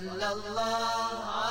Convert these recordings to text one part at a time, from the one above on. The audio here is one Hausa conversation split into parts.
sallallahu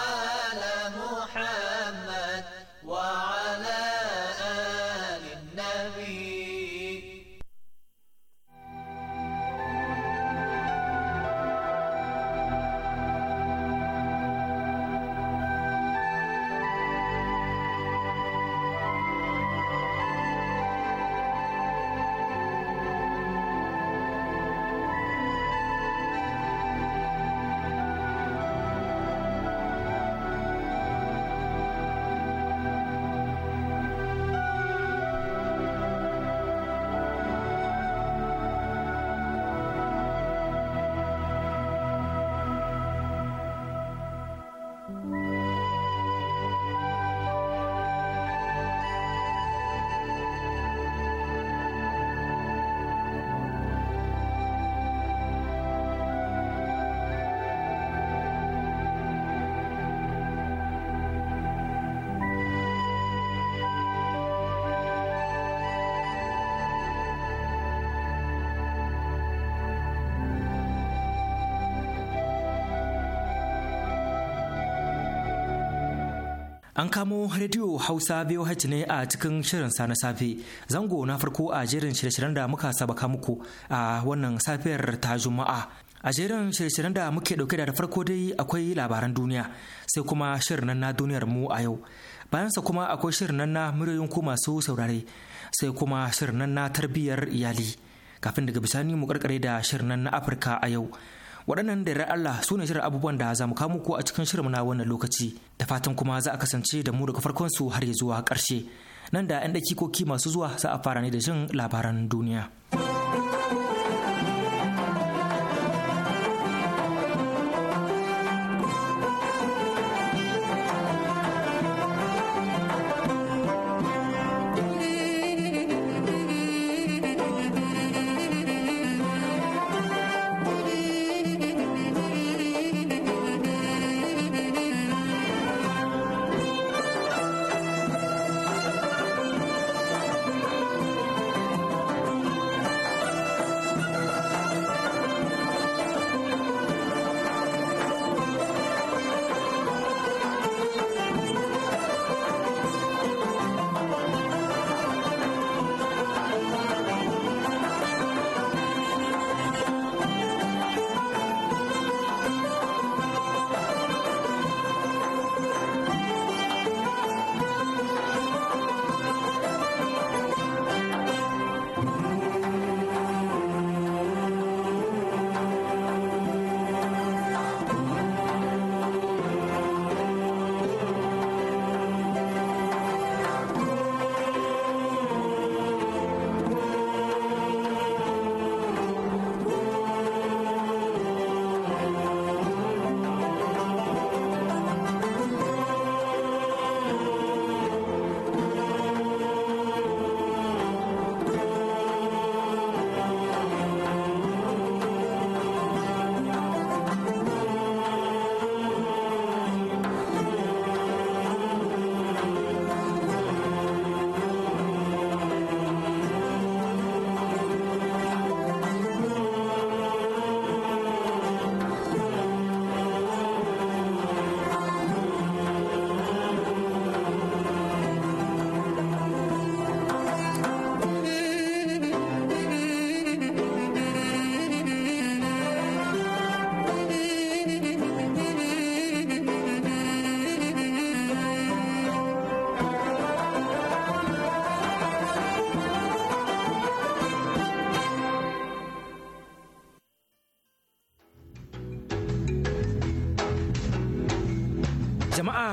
An kamo rediyo Hausa VOH ne a cikin shirin sa na safe. Zango na farko a jerin shirye-shiryen da muka sabaka muku a wannan safiyar ta Juma'a. A jerin shirye-shiryen da muke dauke da farko dai akwai labaran duniya sai kuma shirin na duniyar mu a yau. Bayansa kuma akwai shirin na muryoyin ku masu saurare sai kuma shirin na tarbiyyar iyali. Kafin daga bisani mu karkare da shirin na Afirka a yau. waɗannan da Allah su ne shirin abubuwan da za mu kamo ko a cikin shirin na wannan lokaci da fatan kuma za a kasance da mu daga farkon su har ya zuwa ƙarshe nan da 'yan dakikoki masu zuwa za a fara ne da jin labaran duniya.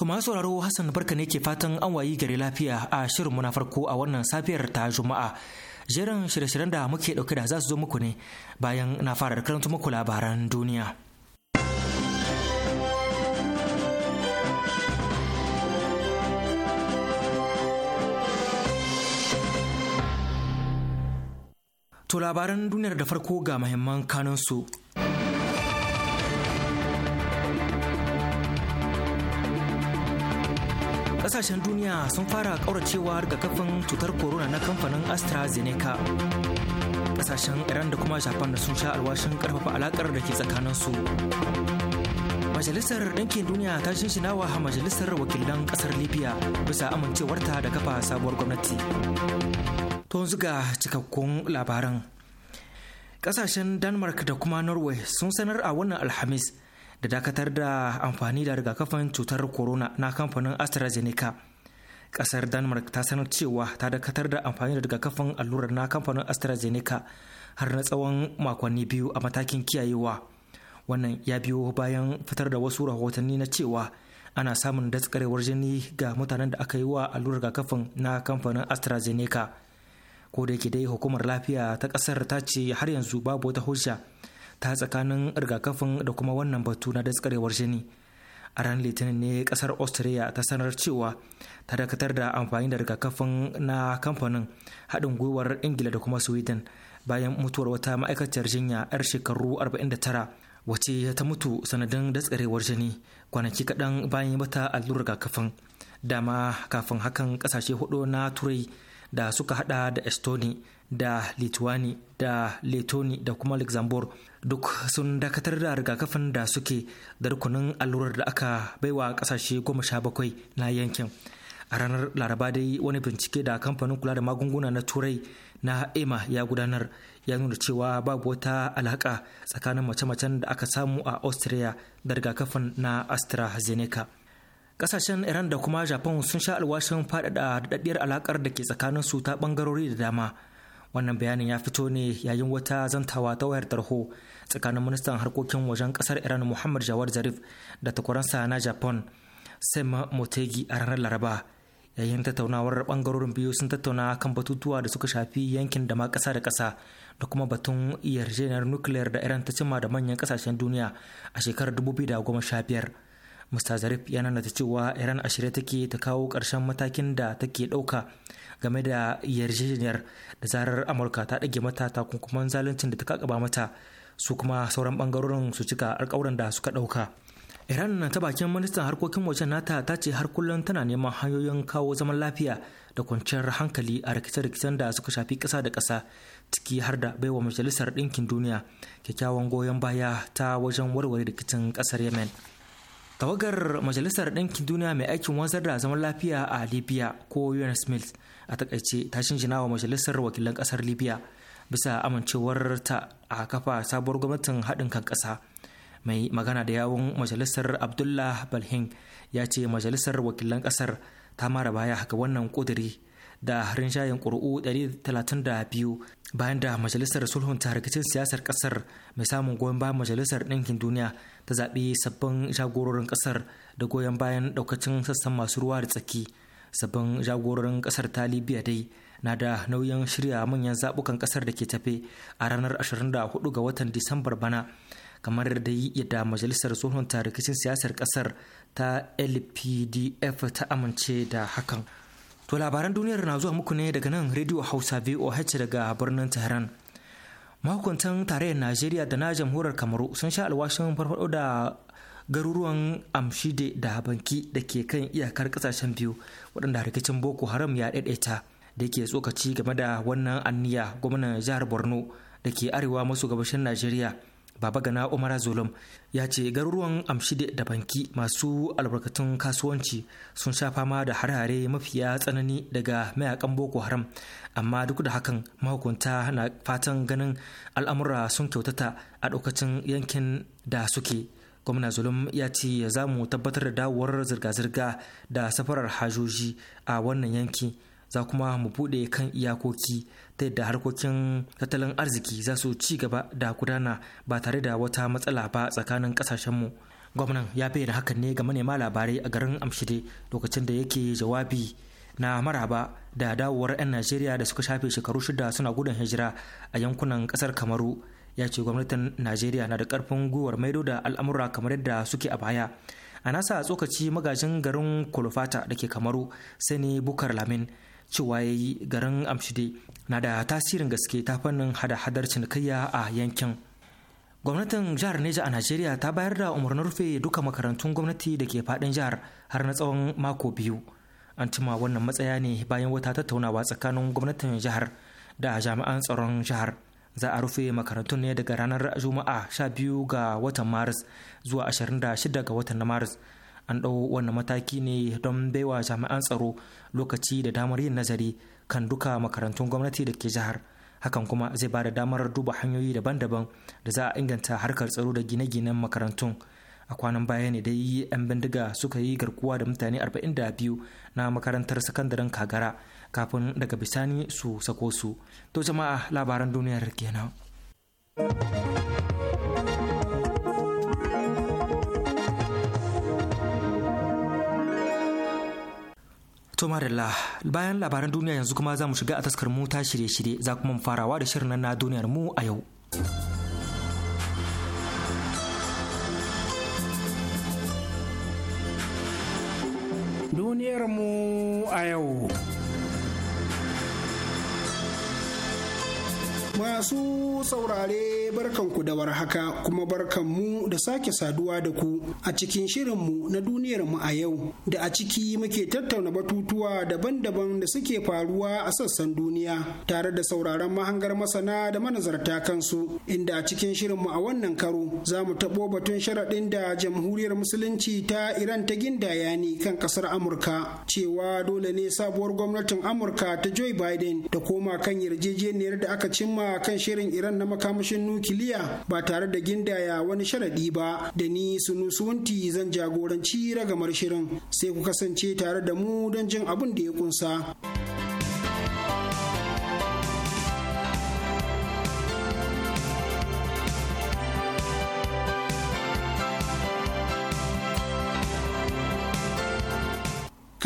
To masu sauraro Hassan barka ne ke fatan an wayi gari lafiya a shirin muna farko a wannan safiyar ta Juma'a. Jerin shirye-shiryen da muke dauke da za su zo muku ne bayan na fara karanta muku labaran duniya. To labaran duniyar da farko ga mahimman kanunsu. kasashen duniya sun fara kauracewa kafin cutar corona na kamfanin astrazeneca kasashen iran da kuma japan da sun sha alwashin karfafa alakar da ke tsakaninsu majalisar ɗinkin duniya ta shinshina wa majalisar wakilan ƙasar libya bisa amincewarta da kafa sabuwar gwamnati to yanzu ga cikakkun labaran ƙasashen denmark da kuma norway sun sanar a wannan alhamis da dakatar da amfani da rigakafin cutar corona na kamfanin astrazeneca kasar denmark ta sanar cewa ta dakatar da amfani da rigakafin allurar na kamfanin astrazeneca har na tsawon makonni biyu a matakin kiyayewa wannan ya biyo bayan fitar da wasu rahotanni na cewa ana samun daskarewar jini ga mutanen da aka yi wa allurar rigakafin na kamfanin astrazeneca ko da dai hukumar lafiya ta kasar ta ce har yanzu babu wata hujja ta tsakanin rigakafin da kuma wannan batu na daskarewar jini a ran litinin ne kasar austria ta sanar cewa ta dakatar da amfani da rigakafin na kamfanin haɗin gwiwar ingila da kuma sweden bayan mutuwar wata ma'aikaciyar jinya 'yar shekaru 49 wace ta mutu sanadin daskarewar jini kwanaki kaɗan bayan mata allurar rigakafin dama kafin hakan kasashe hudu na turai da suka hada da estoni da lituani da letoni da kuma luxembourg duk sun dakatar da rigakafin da suke da rukunin allurar da aka baiwa kasashe goma sha bakwai na yankin a ranar laraba dai wani bincike da kamfanin kula da magunguna na turai na ema ya gudanar ya nuna cewa babu wata alaka tsakanin mace-macen da aka samu a austria da rigakafin na astrazeneca kasashen iran da kuma japan sun sha alwashin faɗaɗa daɗaɗɗiyar alaƙar da ke tsakanin su ta ɓangarori da dama wannan bayanin ya fito ne yayin wata zantawa ta wayar tarho tsakanin ministan harkokin wajen kasar iran muhammad jawad zarif da takwaransa na japan sema motegi a ranar laraba yayin tattaunawar bangarorin biyu sun tattauna kan batutuwa da suka shafi yankin da ma kasa da kasa da kuma batun yarjejeniyar nukiliyar da iran ta cima da manyan kasashen duniya a shekarar 2015 Mr. Zarif ya nanata cewa Iran a shirye take ta kawo karshen matakin da take ɗauka game da yarjejeniyar da zarar amurka ta ɗage mata takunkuman zaluncin da ta kakaba mata su kuma sauran bangarorin su cika alkawuran da suka ɗauka iran ta bakin ministan harkokin wajen nata ta ce har kullum tana neman hanyoyin kawo zaman lafiya da kwanciyar hankali a rikice-rikicen da suka shafi ƙasa da ƙasa ciki har da baiwa majalisar ɗinkin duniya kyakkyawan goyon baya ta wajen warware rikicin ƙasar yemen tawagar majalisar ɗinkin duniya mai aikin wanzar da zaman lafiya a libya ko un a takaice ta shinshina wa majalisar wakilan kasar libya bisa amincewar ta a kafa sabuwar gwamnatin haɗin kan ƙasa mai magana da yawun majalisar abdullah balhin ya ce majalisar wakilan ƙasar ta mara baya ga wannan ƙudiri da rinjayen ƙuri'u 132 bayan da majalisar sulhun ta rikicin siyasar ƙasar mai samun goyon bayan majalisar ɗinkin duniya ta zaɓi sabbin jagororin ƙasar da goyon bayan ɗaukacin sassan masu ruwa da tsaki sabbin jagororin kasar ta libya dai na da nauyin shirya manyan zabukan kasar da ke tafe a ranar 24 ga watan disambar bana kamar da yadda majalisar tsohon rikicin siyasar kasar ta lpdf ta amince da hakan to labaran duniyar na zuwa muku ne daga nan rediyo hausa voh daga birnin tehran mahukuntan tarayyar najeriya da na jamhuriyar kamaru sun sha alwashin farfado da garuruwan amshide da habanki da ke kan iyakar kasashen biyu waɗanda rikicin boko haram ya ɗaiɗaita da ke tsokaci game da wannan anniya gwamnan jihar borno da ke arewa maso gabashin najeriya baba gana umar zulum ya ce garuruwan amshide da banki masu albarkatun kasuwanci sun sha fama da harare mafiya tsanani daga mayakan boko haram amma duk da hakan mahukunta na fatan ganin al'amura sun kyautata a ɗaukacin yankin da suke gwamna zulum ya ce za mu tabbatar da dawowar zirga-zirga da safarar hajoji a wannan yanki za kuma mu bude kan iyakoki ta yadda harkokin tattalin arziki za su ci gaba da gudana ba tare da wata matsala ba tsakanin kasashenmu gwamnan ya bayyana hakan ne ga manema labarai a garin amshide lokacin da yake jawabi na maraba da dawowar 'yan najeriya da suka shafe shekaru shida suna gudun hijira a yankunan kasar kamaru ya ce gwamnatin najeriya na da karfin gwiwar maido da al'amura kamar yadda suke a baya a nasa tsokaci magajin garin kulufata da ke kamaru sani bukar lamin cewa ya yi garin amshide na da tasirin gaske ta fannin hada-hadar cinikayya a yankin gwamnatin jihar neja a najeriya ta bayar da umarnin rufe duka makarantun gwamnati da ke fadin jihar har na tsawon mako biyu an cima wannan matsaya ne bayan wata tattaunawa tsakanin gwamnatin jihar da jami'an tsaron jihar za a rufe makarantun ne daga ranar juma'a 12 ga watan maris zuwa 26 ga watan maris an ɗau wannan mataki ne don baiwa jami'an tsaro lokaci da damar yin nazari kan duka makarantun gwamnati da ke jihar hakan kuma zai ba da damar duba hanyoyi daban-daban da za a inganta harkar tsaro da gine-ginen makarantun a kwanan baya ne dai 'yan bindiga suka yi garkuwa da mutane 42 na makarantar sakandaren kagara kafin daga bisani su sako su to jama'a labaran duniyar kenan To bayan labaran duniya yanzu kuma za mu shiga a taskar mu ta shirye-shirye za kuma mu farawa da shirin na duniyar mu a yau. duniyarmu a yau. Masu saurare barkanku da warhaka kuma barkanmu da sake saduwa da ku a cikin shirinmu na duniyar mu a yau da a ciki muke tattauna batutuwa daban-daban da suke faruwa a sassan duniya tare da sauraron mahangar masana da manazarta kansu inda a cikin shirinmu a wannan karo za mu taɓo batun sharaɗin da jamhuriyar musulunci ta Iran ta gindaya ne kan ƙasar Amurka cewa dole ne sabuwar gwamnatin Amurka ta Joe Biden ta koma kan yarjejeniyar da aka cimma a kan shirin Iran na makamashin nukiliya ba tare da gindaya wani sharadi ba da ni sunusunti zan jagoranci ragamar shirin sai ku kasance tare da mu don jin abin da ya kunsa.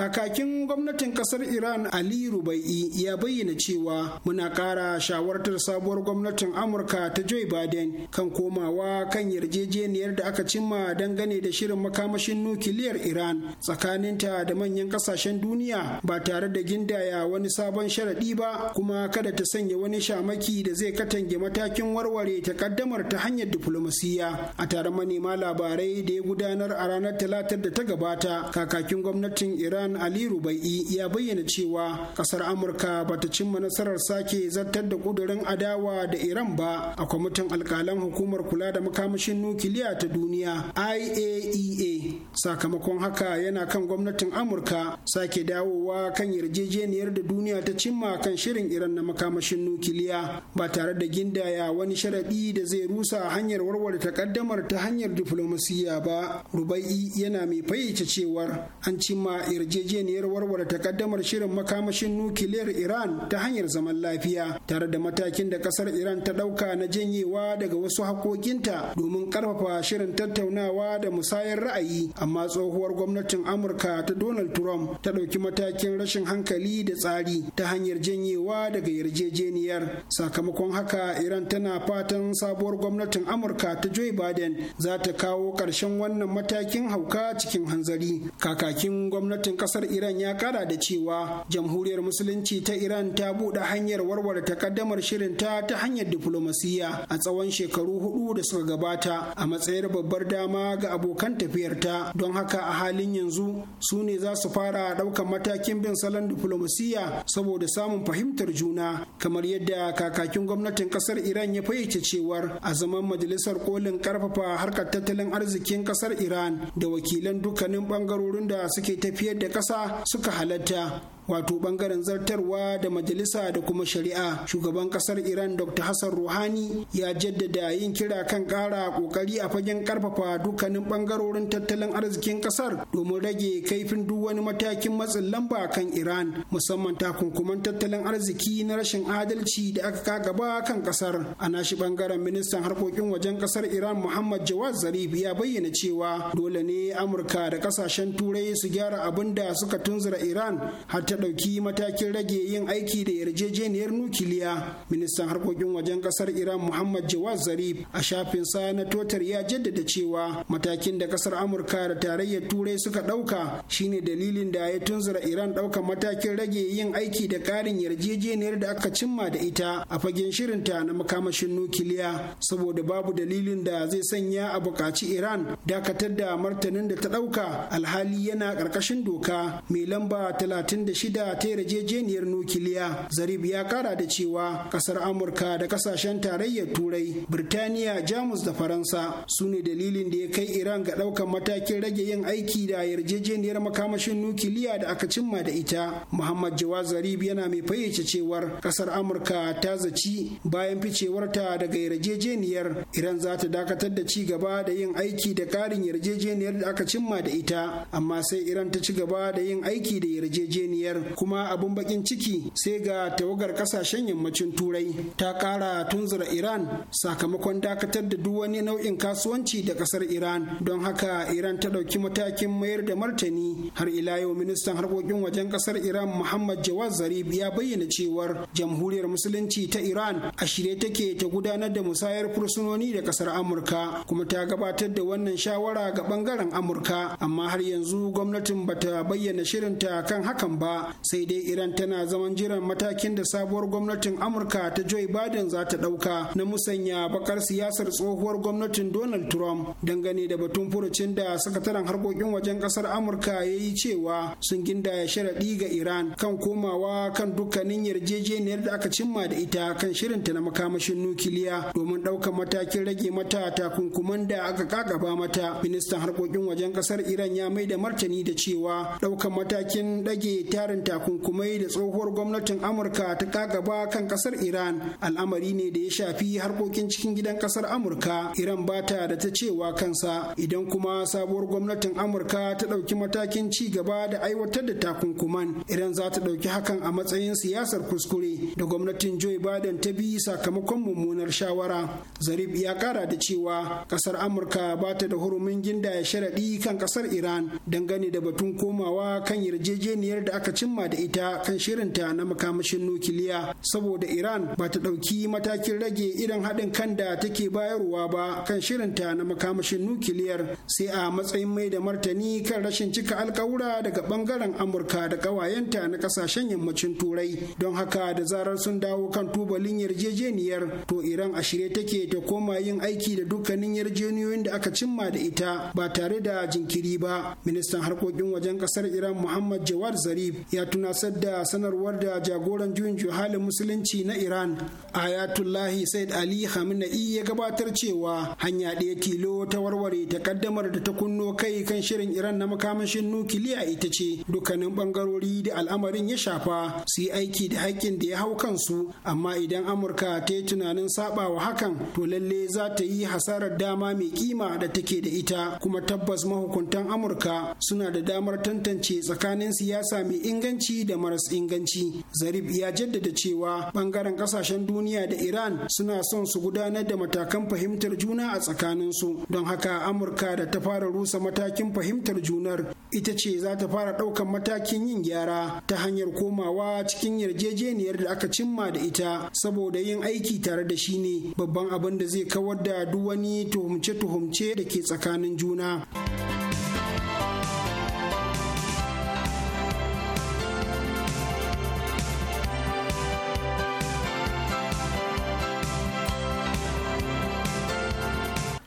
Kakakin gwamnatin kasar Iran Ali Rubai'i ya bayyana cewa muna ƙara shawartar sabuwar gwamnatin Amurka ta Joe Biden kan komawa kan yarjejeniyar da aka cimma dangane da shirin makamashin nukiliyar Iran tsakaninta da manyan ƙasashen duniya ba tare da gindaya wani sabon sharaɗi ba kuma kada ta sanya wani shamaki da zai katange matakin warware takaddamar ta hanyar diflomasiyya a tare manema labarai da ya gudanar a ranar talatar da ta gabata kakakin gwamnatin Iran Hassan Ali Rubai ya bayyana cewa kasar Amurka ba ta cimma nasarar sake zartar da kudurin adawa da Iran ba a kwamitin alkalan hukumar kula da makamashin nukiliya ta duniya IAEA. E Sakamakon haka yana kan gwamnatin Amurka sake dawowa kan yarjejeniyar da duniya ta cimma kan shirin Iran na makamashin nukiliya ba tare da gindaya wani sharaɗi da zai rusa hanyar warware takaddamar ta hanyar diflomasiyya ba. Rubai yana mai fayyace cewar an cimma yarjejeniyar yarjejeniyar warware takaddamar shirin makamashin nukiliyar Iran ta hanyar zaman lafiya tare da matakin da kasar Iran ta dauka na janyewa daga wasu hakokinta domin karfafa shirin tattaunawa da musayar ra'ayi amma tsohuwar gwamnatin Amurka ta Donald Trump ta dauki matakin rashin hankali da tsari ta hanyar janyewa daga yarjejeniyar sakamakon haka Iran tana fatan sabuwar gwamnatin Amurka ta Joe Biden za ta kawo ƙarshen wannan matakin hauka cikin hanzari kakakin gwamnatin ƙasar kasar Iran ya kara da cewa jamhuriyar musulunci ta Iran ta buɗe hanyar warware takaddamar shirinta ta hanyar diflomasiyya a tsawon shekaru hudu da suka gabata a matsayar babbar dama ga abokan tafiyarta don haka a halin yanzu su ne za su fara ɗaukar matakin bin salon diflomasiyya saboda samun fahimtar juna kamar yadda kakakin gwamnatin kasar Iran ya fayyace cewar a zaman majalisar kolin karfafa harkar tattalin arzikin kasar Iran da wakilan dukkanin bangarorin da suke tafiyar da ƙasa suka halatta wato bangaren zartarwa da majalisa da kuma shari'a shugaban kasar iran dr hassan ruhani ya jaddada yin kira kan kara kokari a fagen karfafa dukkanin bangarorin tattalin arzikin kasar domin rage kaifin duk wani matakin matsin lamba kan iran musamman takunkuman tattalin arziki na rashin adalci da aka kagaba kan kasar a nashi bangaren ministan harkokin wajen kasar iran muhammad jawad zarif ya bayyana cewa dole ne amurka da kasashen turai su gyara abin da suka tunzura iran hatta ta ɗauki matakin rage yin aiki da yarjejeniyar nukiliya ministan harkokin wajen ƙasar iran muhammad jawad zarif a shafin sa na totar ya jaddada cewa matakin da ƙasar amurka da tarayyar turai suka ɗauka shine dalilin da ya tunzura iran ɗauka matakin rage yin aiki da ƙarin yarjejeniyar da aka cimma da ita a fagen shirinta na makamashin nukiliya saboda babu dalilin da zai sanya a buƙaci iran dakatar da martanin da ta ɗauka alhali yana ƙarƙashin doka mai lamba 36 shida ta yarjejeniyar nukiliya zarif ya kara da cewa kasar amurka da kasashen tarayyar turai birtaniya jamus da faransa su ne dalilin da ya kai iran ga ɗaukan matakin rage yin aiki da yarjejeniyar makamashin nukiliya da aka cimma da ita muhammad jawa zarif yana mai fayyace cewar kasar amurka ta zaci bayan ficewar ta daga yarjejeniyar iran za ta dakatar da ci gaba da yin aiki da ƙarin yarjejeniyar da aka cimma da ita amma sai iran ta ci gaba da yin aiki da yarjejeniyar kuma abun bakin ciki sai ga tawagar kasashen yammacin Turai ta kara tunzura Iran sakamakon dakatar da duk wani nau'in kasuwanci da kasar Iran don haka Iran ta ɗauki matakin mayar da martani har ila yau ministan harkokin wajen kasar Iran Muhammad Jawad Zarif ya bayyana cewar jamhuriyar musulunci ta Iran a shirye take ta gudanar da musayar fursunoni da kasar Amurka kuma ta gabatar da wannan shawara ga bangaren Amurka amma har yanzu gwamnatin bata bayyana shirinta kan hakan ba sai dai iran tana zaman jiran matakin da sabuwar gwamnatin amurka ta joe biden za ta ɗauka na musanya bakar siyasar tsohuwar gwamnatin donald trump dangane da batun furucin da sakataren harkokin wajen kasar amurka ya yi cewa sun gindaya sharaɗi ga iran kan komawa kan dukkanin yarjejeniyar da aka cimma da ita kan shirinta na makamashin nukiliya domin ɗaukar matakin rage mata takunkuman da aka kakaba mata ministan harkokin wajen kasar iran ya mai da martani da cewa ɗaukar matakin ɗage tar ƙarin takunkumai da tsohuwar gwamnatin amurka ta kagaba kan ƙasar iran al'amari ne da ya shafi harkokin cikin gidan ƙasar amurka iran ba ta da ta cewa kansa idan kuma sabuwar gwamnatin amurka ta ɗauki matakin ci gaba da aiwatar da takunkuman iran za ta ɗauki hakan a matsayin siyasar kuskure da gwamnatin joe biden ta bi sakamakon mummunar shawara zarif ya kara da cewa ƙasar amurka ba ta da hurumin gindaya sharaɗi kan ƙasar iran dangane da batun komawa kan yarjejeniyar da aka ci cimma da ita kan shirinta na makamashin nukiliya saboda Iran ba ta ɗauki matakin rage irin haɗin kan da take bayarwa ba kan shirinta na makamashin nukiliyar sai a matsayin mai da martani kan rashin cika alkawura daga bangaren Amurka da ƙawayenta na ƙasashen yammacin Turai. Don haka da zarar sun dawo kan tubalin yarjejeniyar to Iran a shirye take ta koma yin aiki da dukkanin yarjejeniyoyin da aka cimma da ita ba tare da jinkiri ba. Ministan harkokin wajen ƙasar Iran Muhammad Jawad Zarif ya tunasar da sanarwar da jagoran juyin juhalin musulunci na Iran Ayatullahi Said Ali Khamenei ya gabatar cewa hanya ɗaya tilo ta warware takaddamar da ta kunno kai kan shirin Iran na makamashin nukiliya ita ce dukkanin bangarori da al'amarin ya shafa su yi aiki da haƙƙin da ya hau kansu amma idan Amurka ta yi tunanin saba wa hakan to lalle za ta yi hasarar dama mai kima da take da ita kuma tabbas mahukuntan Amurka suna da damar tantance tsakanin siyasa mai inganci da maras inganci zarif ya jaddada cewa bangaren ƙasashen duniya da iran suna son su gudanar da matakan fahimtar juna a tsakaninsu don haka amurka da ta fara rusa matakin fahimtar junar ita ce za ta fara ɗaukan matakin yin gyara ta hanyar komawa cikin yarjejeniyar da aka cimma da ita saboda yin aiki tare da shi ne babban abin da zai kawar da duk wani tuhumce-tuhumce da ke tsakanin juna.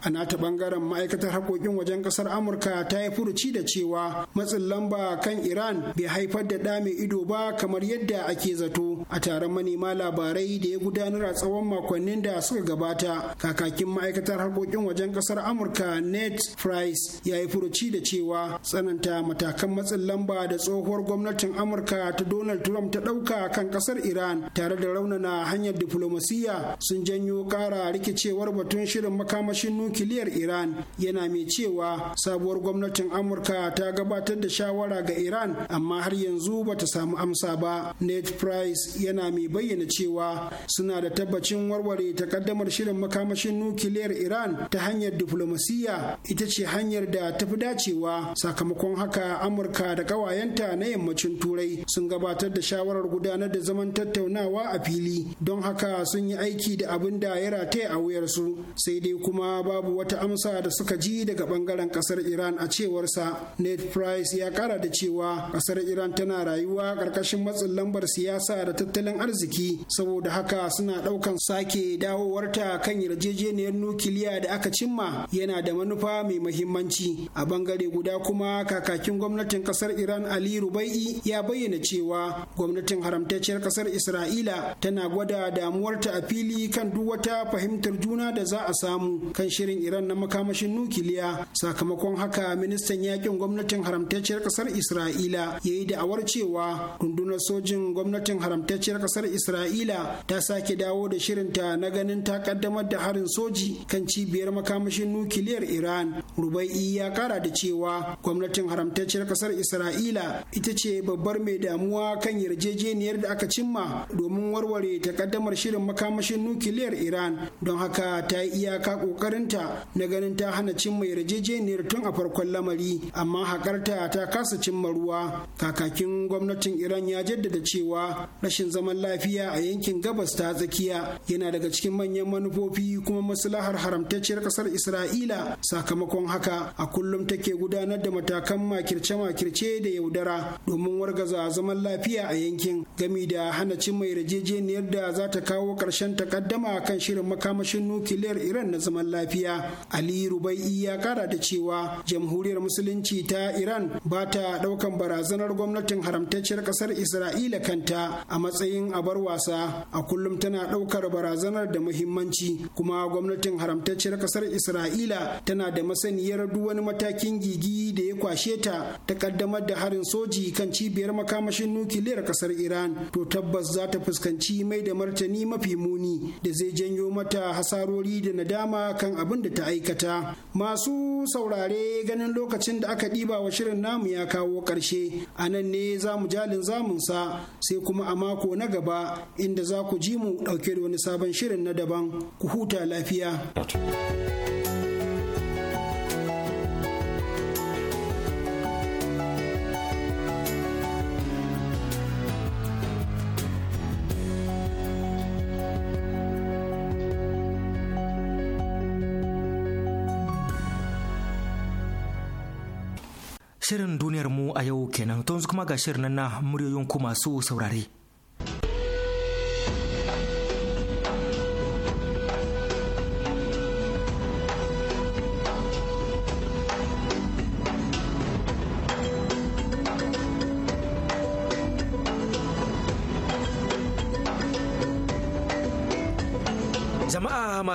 a nata bangaren ma'aikatar harkokin wajen ƙasar amurka ta yi furuci da cewa matsin lamba kan iran bai haifar da ɗa mai ido ba kamar yadda ake zato a taron manema labarai da ya gudanar a tsawon makonnin da suka gabata kakakin ma'aikatar harkokin wajen ƙasar amurka net price ya yi furuci da cewa tsananta matakan matsin lamba da tsohuwar gwamnatin amurka ta donald trump ta ɗauka kan ƙasar iran tare da raunana hanyar diflomasiyya sun janyo ƙara rikicewar batun shirin makamashin nuki nukiliyar Iran yana mai cewa sabuwar gwamnatin Amurka ta gabatar da shawara ga Iran amma har yanzu ba ta samu amsa ba. Ned Price yana mai bayyana cewa suna da tabbacin warware takaddamar shirin makamashin nukiliyar Iran ta hanyar diflomasiyya ita ce hanyar da tafi dacewa sakamakon haka Amurka da kawayenta na yammacin Turai sun gabatar da shawarar gudanar da zaman tattaunawa a fili don haka sun yi aiki da abin da ya rataya a wuyarsu sai dai kuma babu babu wata amsa da suka ji daga bangaren kasar Iran a cewarsa. Ned Price ya kara da cewa kasar Iran tana rayuwa ƙarƙashin matsin lambar siyasa da tattalin arziki saboda haka suna daukan sake dawowarta kan yarjejeniyar nukiliya da aka cimma yana da manufa mai mahimmanci. A bangare guda kuma kakakin gwamnatin kasar Iran Ali Rubai'i ya bayyana cewa gwamnatin haramtacciyar kasar Isra'ila tana gwada damuwarta a fili kan duk wata fahimtar juna da za a samu kan shirin shirin Iran na makamashin nukiliya sakamakon haka ministan yakin gwamnatin haramtacciyar kasar Isra'ila ya yi da'awar cewa rundunar sojin gwamnatin haramtacciyar kasar Isra'ila ta sake dawo da shirinta na ganin ta kaddamar da harin soji kan cibiyar makamashin nukiliyar Iran Rubai'i ya kara da cewa gwamnatin haramtacciyar kasar Isra'ila ita ce babbar mai damuwa kan yarjejeniyar da aka cimma domin warware ta takaddamar shirin makamashin nukiliyar Iran don haka ta yi iyaka kokarinta na ganin ta hana cimma yarjejeniyar tun a farkon lamari amma hakarta ta kasa cimma ruwa kakakin gwamnatin iran ya jaddada cewa rashin zaman lafiya a yankin gabas ta tsakiya yana daga cikin manyan manufofi kuma maslahar haramtacciyar kasar isra'ila sakamakon haka a kullum take gudanar da matakan makirce-makirce da yaudara domin wargaza zaman lafiya a yankin gami da hana cimma yarjejeniyar da za ta kawo ƙarshen takaddama kan shirin makamashin nukiliyar iran na zaman lafiya ali rubai ya kara da cewa jamhuriyar musulunci ta iran ba ta daukan barazanar gwamnatin haramtacciyar ƙasar isra'ila kanta a matsayin abar wasa a kullum tana ɗaukar barazanar da muhimmanci kuma gwamnatin haramtacciyar ƙasar isra'ila tana da masaniyar duk wani matakin gigi da ya kwashe ta ta ƙaddamar da harin soji kan cibiyar makamashin nukiliyar ƙasar iran to tabbas za ta fuskanci mai da martani mafi muni da zai janyo mata hasarori da nadama kan abin abin da ta aikata masu saurare ganin lokacin da aka ɗiba wa shirin namu ya kawo ƙarshe a nan ne za mu jalin zamunsa sai kuma a mako na gaba inda za ku ji mu ɗauke da wani sabon shirin na daban ku huta lafiya. a yau kenan to yanzu kuma ga shirin nan na muryoyin ku masu saurare.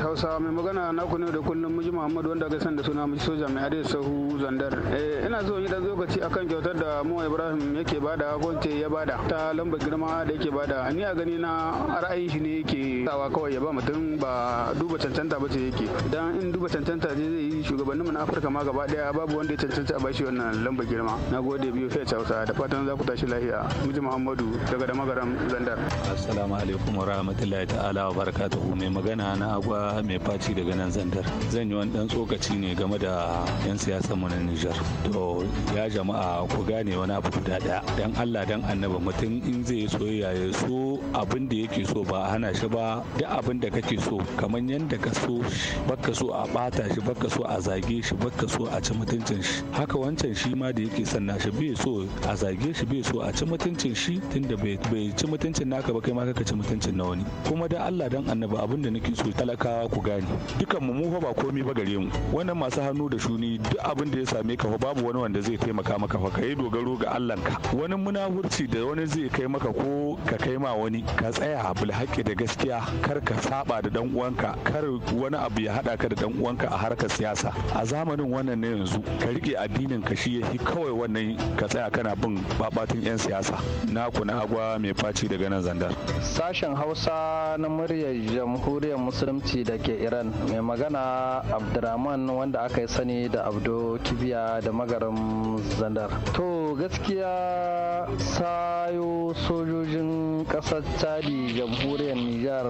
Hausa mai magana na ku ne da kullum miji Muhammad wanda ga san da suna miji soja mai hade sahu zandar. Eh ina so yi dan lokaci akan kyautar da mu Ibrahim yake bada ko ya bada ta lamba girma da yake bada ni a gani na ra'ayin shi ne yake sawa kawai ya ba mutum ba duba cancanta ba ce yake dan in duba cancanta ne zai yi shugabannin mu na Afirka ma gaba daya babu wanda ya cancanta a bashi wannan lamba girma. Nagode biyu fiye Hausa da fatan za ku tashi lafiya. Miji Muhammadu daga da magaram zandar. Assalamu alaikum wa rahmatullahi ta'ala wa barakatuhu mai magana na agwa mai faci daga nan zandar zan yi wani dan tsokaci ne game da yan siyasa mu na nijar to ya jama'a ku gane wani abu guda daya dan allah dan annaba mutum in zai soyayya ya so abin da yake so ba hana shi ba duk abin da kake so kamar yadda ka so baka so a bata shi baka so a zage shi baka so a ci mutuncin shi haka wancan shi ma da yake sanna shi bai so a zage shi bai so a ci mutuncin shi tunda bai ci mutuncin naka ba kai ma kaka ci mutuncin na wani kuma da allah dan annaba abin da nake so talaka ku gane dukan mu fa ba komi ba gare mu wannan masu hannu da shuni duk abin da ya same ka fa babu wani wanda zai taimaka maka fa kai dogaro ga Allahnka wani munafurci da wani zai kai maka ko ka kai ma wani ka tsaya bil haƙƙi da gaskiya kar ka saba da dan uwanka kar wani abu ya hada ka da dan uwanka a harkar siyasa a zamanin wannan ne yanzu ka rike addinin ka shi yafi kawai wannan ka tsaya kana bin babatun yan siyasa na na agwa mai faci daga nan zandar sashen Hausa na muryar jamhuriyar musulunci musulunci da ke iran mai magana abdurrahman wanda aka yi sani da abdo kibiya da magaram zandar to gaskiya sayo sojojin kasar chadi jamhuriyar nijar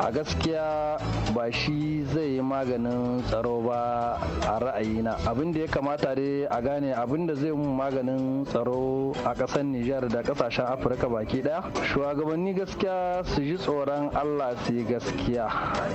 a gaskiya ba shi zai yi maganin tsaro ba a ra'ayina abin da ya kamata dai a gane abin da zai yi maganin tsaro a kasar nijar da kasashen afirka baki daya shugabanni gaskiya su ji tsoron allah su yi gaskiya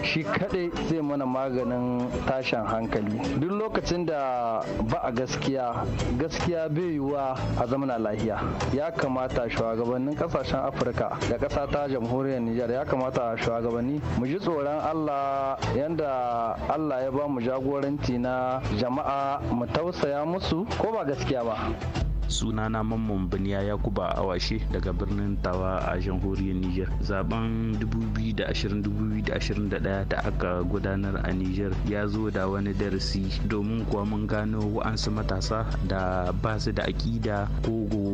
shi kadai zai mana maganin tashin hankali duk lokacin da ba a gaskiya gaskiya bai yiwuwa a zamana lahiya ya kamata shugabannin kasashen afirka da kasa ta jamhuriyar nijar ya kamata shugabanni mu ji tsoron allah yadda allah ya ba mu jagoranci na jama'a mu tausaya musu ko ba gaskiya ba sunana mamman biniya yakuba awashe daga birnin tawa a jamhuriyar niger zaben 2020-2021 da aka gudanar a niger ya zo da wani darasi domin kuwa mun gano wa'ansu matasa da ba su da akida ko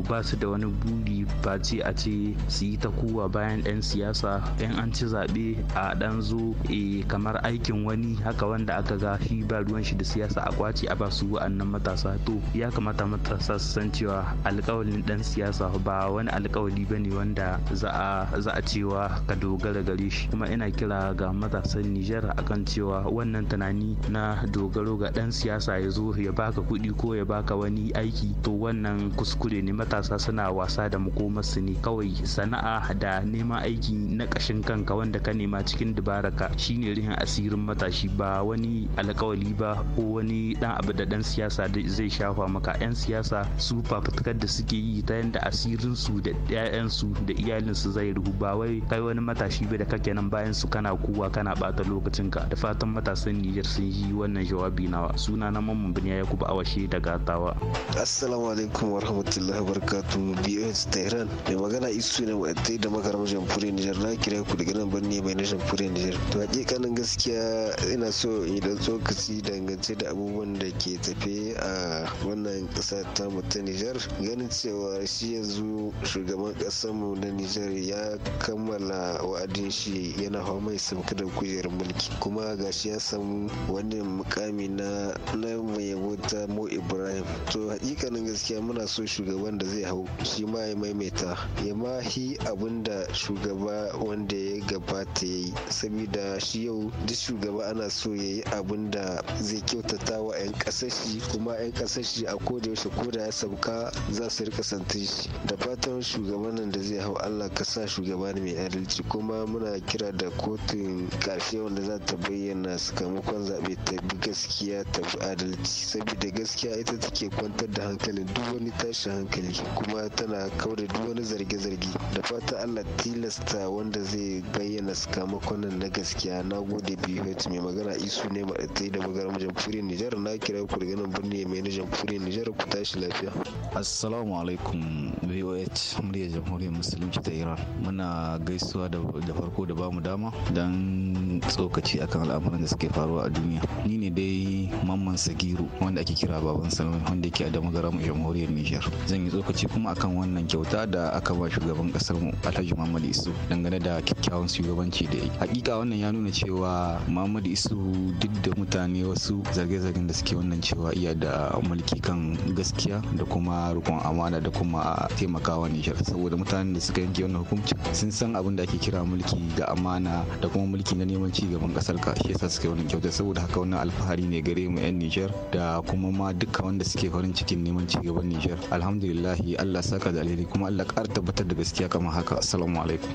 ba su da wani buri ce a ce su yi ta kuwa bayan 'yan siyasa 'yan an ci zaɓe a ɗan zo eh, kamar aikin wani haka wanda aka ga shi ba ruwan shi da siyasa a kwace a ba su wa'annan matasa to ya kamata matasa su san cewa cewa alkawalin dan siyasa ba wani alkawali ba ne wanda za a cewa ka dogara gare shi kuma ina kira ga matasan nijar akan cewa wannan tunani na dogaro ga dan siyasa ya zo ya baka kuɗi ko ya baka wani aiki to wannan kuskure ne matasa suna wasa da makomarsu ne kawai sana'a da neman aiki na ƙashin kanka wanda ka nema cikin dubaraka shine rihin asirin matashi ba wani alkawali ba ko wani dan abu da dan siyasa zai shafa maka yan siyasa su fafutukar da suke yi ta yadda asirinsu da 'ya'yansu da iyalinsu zai ruhu ba wai kai wani matashi bai da kake nan bayan su kana kowa kana bata lokacinka da fatan matasan Nijar sun yi wannan jawabi nawa suna na mamman bin ya kuba awashe daga tawa assalamu alaikum wa rahmatullahi wa barakatuhu BOH Tehran mai magana isu ne wa da makarar jamhuriyar Nijar na kira ku daga nan birni mai na jamhuriyar Nijar to hakikanin gaskiya ina so in dan tsokaci dangance da abubuwan da ke tafe a wannan ƙasa ta mutane Niger ganin cewa shi yanzu shugaban mu na Nijar ya kammala wa'adin shi yana hau mai samkadar kujerar mulki kuma ga shi ya samu wannan mukami na na mai yabo ta Mo Ibrahim. To hakikanin gaskiya muna so shugaban da zai hau shi ma ya maimaita ya ma hi abinda shugaba wanda ya gabata ya yi saboda shi yau duk shugaba ana so ya yi abinda zai kyautata wa 'yan kasashe kuma 'yan kasashi a koda yaushe koda ya sauka za su rika santin shi da fatan shugaban da zai hau allah ka sa shugaba ne mai adalci kuma muna kira da kotun karshe wanda za ta bayyana sakamakon zaɓe ta bi gaskiya ta bi adalci saboda gaskiya ita take kwantar da hankalin duk wani tashin hankali kuma tana da duk wani zarge-zarge da fatan allah tilasta wanda zai bayyana sakamakon nan na gaskiya na gode biyu mai magana isu ne yi da magana jamhuriyar nijar na kira ku daga nan birni mai na jamfuri nijar ku tashi lafiya assalamu alaikum voh muryar jamhuriyar musulunci ta iran muna gaisuwa da farko da bamu dama don tsokaci akan al'amuran da suke faruwa a duniya ni ne dai mamman sagiru wanda ake kira baban salmai wanda yake a damagaramu jamhuriyar nijar zan yi tsokaci kuma akan wannan kyauta da aka ba shugaban kasar mu alhaji muhammad isu dangane da kyakkyawan shugabanci da yi hakika wannan ya nuna cewa muhammad isu duk da mutane wasu zarge-zargen da suke wannan cewa iya da mulki kan gaskiya da kuma rukun amana da kuma a taimakawa Nijar saboda mutanen da suka yanke wannan hukuncin sun san abin da ake kira mulki ga amana da kuma mulki na neman ci gaban kasar ka shi yasa suka yi wannan kyauta saboda haka wannan alfahari ne gare mu yan Nijar da kuma ma duka wanda suke farin cikin neman ci gaban Nijar alhamdulillah Allah saka da alheri kuma Allah ƙara tabbatar da gaskiya kamar haka assalamu alaikum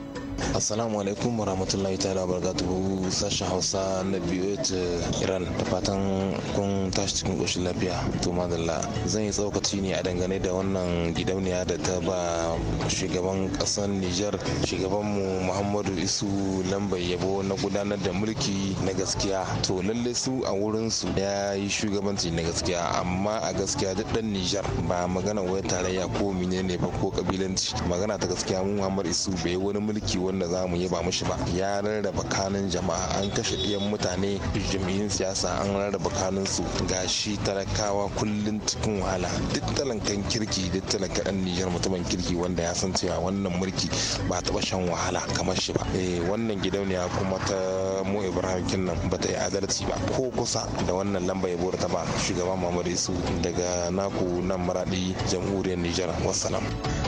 assalamu alaikum wa rahmatullahi ta'ala barakatuhu sashen hausa na biyu eh, iran da fatan kun tashi cikin koshin lafiya to madalla zan yi tsaukaci ne a dangane da wannan gidauniya da ta ba shugaban kasar Nijar shugabanmu Muhammadu Isu lambar yabo na gudanar da mulki na gaskiya to lalle su a wurin su ya yi shugabanci na gaskiya amma a gaskiya duk dan Nijar ba magana wai tarayya ko menene ba ko kabilanci magana ta gaskiya mu Muhammadu Isu bai wani mulki wanda za mu yaba mishi ba ya rarraba kanin jama'a an kashe ɗiyan mutane jami'in siyasa an rarraba kanin su gashi talakawa kullum cikin wahala duk talankan kirki duk talaka dan Nijar mutumin kirki wanda ya san cewa wannan mulki ba taɓa shan wahala kamar shi ba eh wannan gidauniya kuma ta mu Ibrahim Kinnan ba ta yi adalci ba ko kusa da wannan lamba ya bora ta ba shugaban Muhammadu Isu daga naku nan maraɗi jamhuriyar Nijar wassalam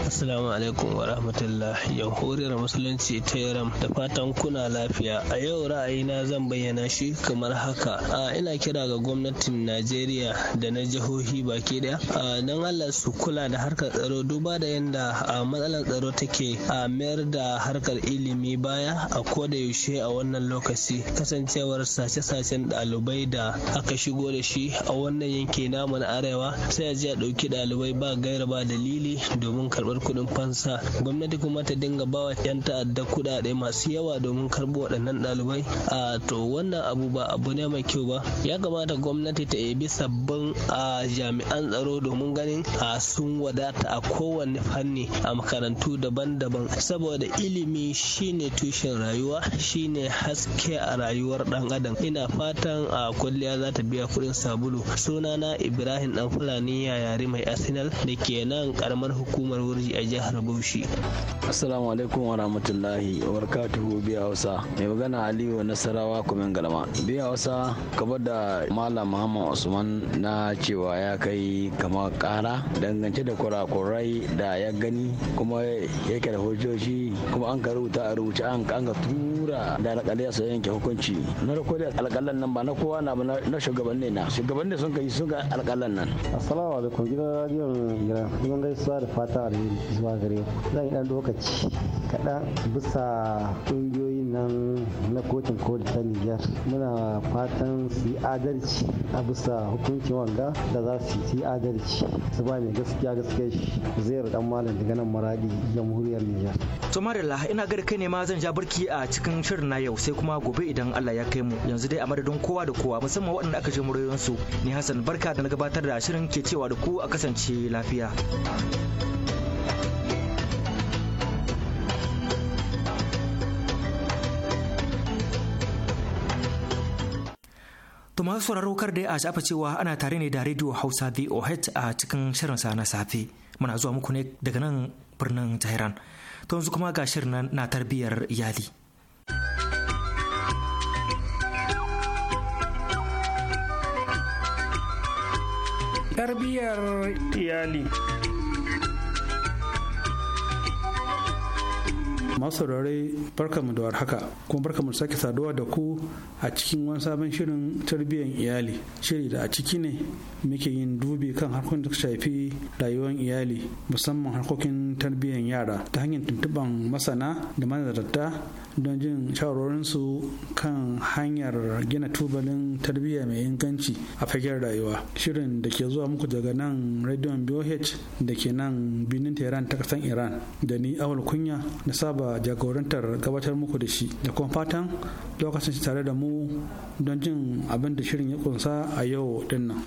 assalamu alaikum wa rahmatullahi jamhuriyar musulunci ta Yaram da fatan kuna lafiya a yau ra'ayina zan bayyana shi kamar haka a ina kira ga gwamnatin Najeriya da na jihohi baki daya a dan Allah su kula da harkar tsaro duba da yadda matsalar tsaro take a mayar da harkar ilimi baya a koda yaushe a wannan lokaci kasancewar sace-sacen ɗalibai da aka shigo da shi a wannan yanki namu na arewa sai a je a ɗauki ɗalibai ba gaira ba dalili domin karɓar kuɗin fansa gwamnati kuma ta dinga bawa 'yan ta'adda kuɗaɗe masu yawa domin karɓo waɗannan ɗalibai a to wannan abu ba abu ne mai kyau ba ya kamata gwamnati ta ebi sabbin a jami'an tsaro domin ganin a sun wadata a kowane fanni a makarantu daban-daban saboda ilimi shine tushen rayuwa shine haske a rayuwar dan adam ina fatan a ah, kulliya za ta biya kudin sabulu sunana ibrahim dan fulani ya yare mai arsenal da ke nan karamar hukumar wurji a jihar bauchi assalamu alaikum wa rahmatullahi wa barakatuhu biya hausa mai magana aliyu nasarawa kumin galama biya hausa kabar da malam muhammad usman na cewa ya kai kama kara dangance da kurakurai da ya gani kuma yake da hujjoji kuma an ka rubuta a rubuce an ka tura da alƙalai su yanke hukunci na farko da alƙalan nan ba na kowa na ba na shugabanni na shugabanni sun kai sun ga alƙalan nan assalamu alaikum gidan radio gidan mun sa da fata alheri zuwa gare ku zan yi dan lokaci kaɗan bisa ƙungiyoyi nan na kotun koli ta Nijar muna fatan su yi adalci a bisa hukuncin wanga da za su yi adalci su ba mai gaskiya gaskiya shi zai dan malam daga nan maradi jamhuriyar Nijar. To Marilla ina gari kai ne ma zan ja barki a cikin shirin na yau sai kuma gobe idan Allah ya kai mu yanzu dai a madadin kowa da kowa musamman waɗanda aka je su ne Hassan barka da na gabatar da shirin ke cewa da ku a kasance lafiya. To masu sauraro kar dai a shafa cewa ana tare ne da Radio Hausa VOH a cikin shirin sa na safe. Muna zuwa muku ne daga nan birnin Tehran. To yanzu kuma ga shirin na tarbiyyar iyali. Tarbiyyar iyali. masu rarrai barkamu da warhaka kuma barkamu sake saduwa da ku a cikin wani sabon shirin tarbiyyar iyali shiri da a ciki ne muke yin dubi kan harkokin da shafi rayuwar iyali musamman harkokin tarbiyyar yara ta hanyar tuntuɓan masana da manzarta don jin shawarorinsu kan hanyar gina tubalin tarbiyya mai inganci a fagen rayuwa shirin da ke zuwa muku daga nan rediyon boh da ke nan birnin tehran ta kasan iran da ni awal kunya na saba jagorantar gabatar muku da shi da kuma fatan lokacin tare da mu don jin abin da shirin ya kunsa a yau dinnan.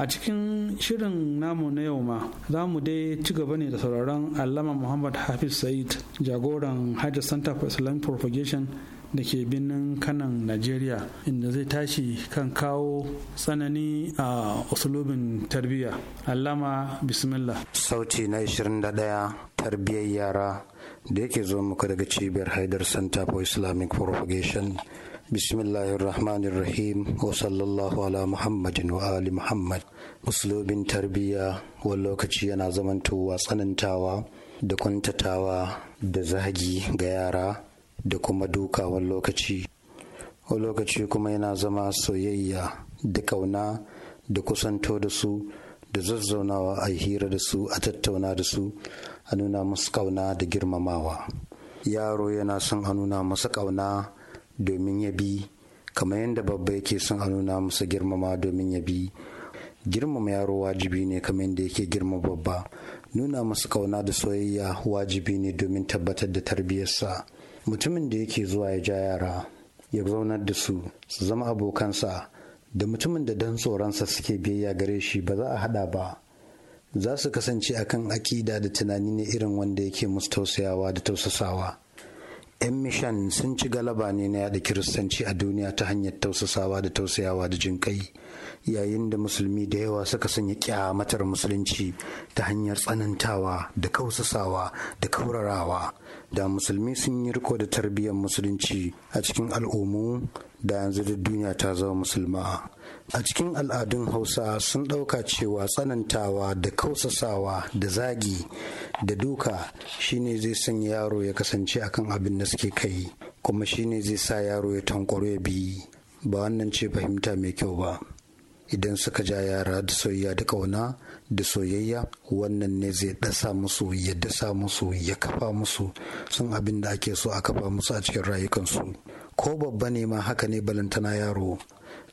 a cikin shirin namu na yau ma za mu dai ci gaba ne da sauraron allama muhammad hafiz said jagoran hajj center for islamic propagation da ke birnin kanan Nigeria, inda zai tashi kan kawo tsanani a usulubin tarbiyya allama bismillah sauti na 21 tarbiyyar yara da yake zo muka daga cibiyar haidar center for islamic propagation bismillahirrahmanirrahim wa sallallahu ala muhammadin wa ali muhammad uslubin tarbiyya wani lokaci yana zamantowa tsanantawa da kwantatawa da zagi ga yara da kuma duka wani lokaci wani lokaci kuma yana zama soyayya da ƙauna da kusanto da su da zazzaunawa a hira da su a tattauna da su a nuna musu kauna da girmamawa yaro yana son a nuna masa ƙauna. domin ya bi kamar yadda babba yake son a nuna musu girmama domin ya bi girmama yaro wajibi ne kamar yadda yake girma babba nuna musu kauna da soyayya wajibi ne domin tabbatar da tarbiyyarsa mutumin da yake zuwa ya ja yara ya zaunar da su su zama abokansa da mutumin da dan tsoronsa suke biyayya gare shi ba za a hada ba za su kasance akan aƙida da tunani ne irin wanda yake musu tausayawa da tausasawa 'yan mishan sun ci galaba ne na yada kiristanci a duniya ta hanyar tausasawa da tausayawa da jinƙai yayin da musulmi da yawa suka sanya kyamatar musulunci ta hanyar tsanantawa da kausasawa da kaurarawa da musulmi sun yi riko da tarbiyyar musulunci a cikin al'ummu da yanzu da duniya ta zama musulma a cikin al'adun hausa sun ɗauka cewa tsanantawa da kausasawa da zagi da duka shine zai san yaro ya kasance akan abin da suke kai kuma shine zai sa yaro ya tankwaro ya bi ba wannan ce fahimta mai kyau ba idan suka ja yara da soyayya da ƙauna da soyayya wannan ne zai dasa musu ya dasa musu ya kafa musu sun abin da ake so a kafa musu a cikin rayukansu ko babba ne ma haka ne balantana yaro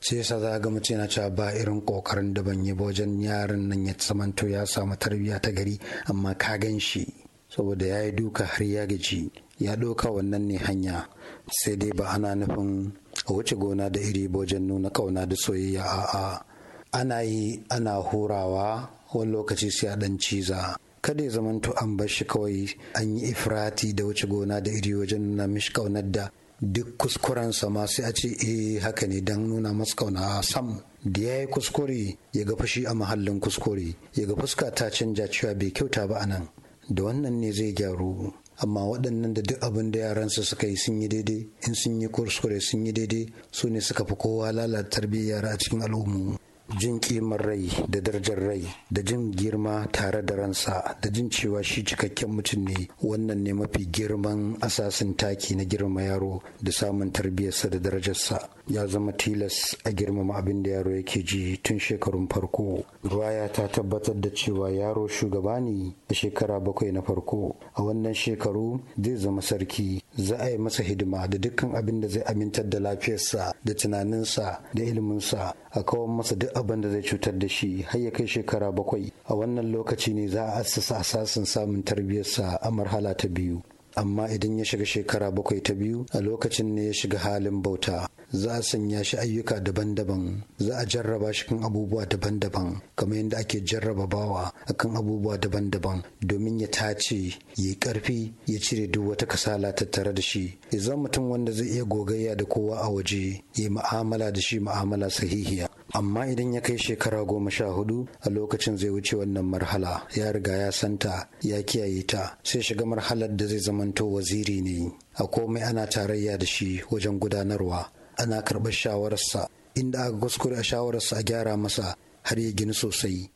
sai yasa za ga mace na cewa ba irin kokarin da ban yi ba wajen yaran nan ya samanto ya samu tarbiyya ta gari amma ka gan shi saboda ya yi duka har ya gaji ya ɗauka wannan ne hanya sai dai ba ana nufin a wuce gona da iri ba wajen nuna kauna da soyayya a'a ana yi ana hurawa wani lokaci sai a ɗan ciza kada ya zamanto an bar shi kawai an yi ifrati da wuce gona da iri wajen nuna mishi kaunar da duk kuskurensa ma sai a ce eh haka ne don nuna masa kauna sam da ya yi kuskure ya ga fashi a mahallin kuskure ya ga fuska ta canja cewa bai kyauta ba anan da wannan ne zai gyaru amma waɗannan da duk abin da yaransu suka yi sun yi daidai in sun yi kuskure sun yi daidai su ne suka fi kowa lalata tarbiyyar yara a cikin al'ummu jin kimar rai da darajar rai da jin girma tare da ransa da jin cewa shi cikakken mutum ne wannan ne mafi girman asasin taki na girma yaro da samun tarbiyyarsa da darajarsa ya zama tilas a girmama abin da yaro yake ji tun shekarun farko ruwaya ta tabbatar da cewa yaro shugaba ne a shekara bakwai na farko a wannan shekaru zai zama sarki za a yi masa hidima da dukkan abin da zai amintar da lafiyarsa da tunaninsa da iliminsa a kawar masa duk abin da zai cutar da shi har ya kai shekara bakwai a wannan lokaci ne za a assasa asasin samun tarbiyyarsa a marhala ta biyu amma idan ya shiga shekara bakwai ta biyu a lokacin ne ya shiga halin bauta za a sanya shi ayyuka daban-daban za a jarraba shi kan abubuwa daban-daban kamar yadda ake jarraba bawa kan abubuwa daban-daban domin ya tace ya karfi ya cire duk wata kasala tattare da shi ya mutum wanda zai iya gogayya da kowa a waje ya ma'amala da shi mu'amala sahihiya amma idan ya kai shekara goma sha hudu a lokacin zai wuce wannan marhala ya riga ya santa ya kiyaye ta sai shiga marhalar da zai zamanto waziri ne a komai ana tarayya da shi wajen gudanarwa ana karɓar shawararsa inda aka kuskure a shawararsa a gyara masa har ya gini sosai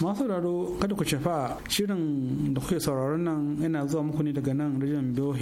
masu sauraro kada ku shafa shirin da kuke sauraron nan yana zuwa muku ne daga nan rijiyar BOH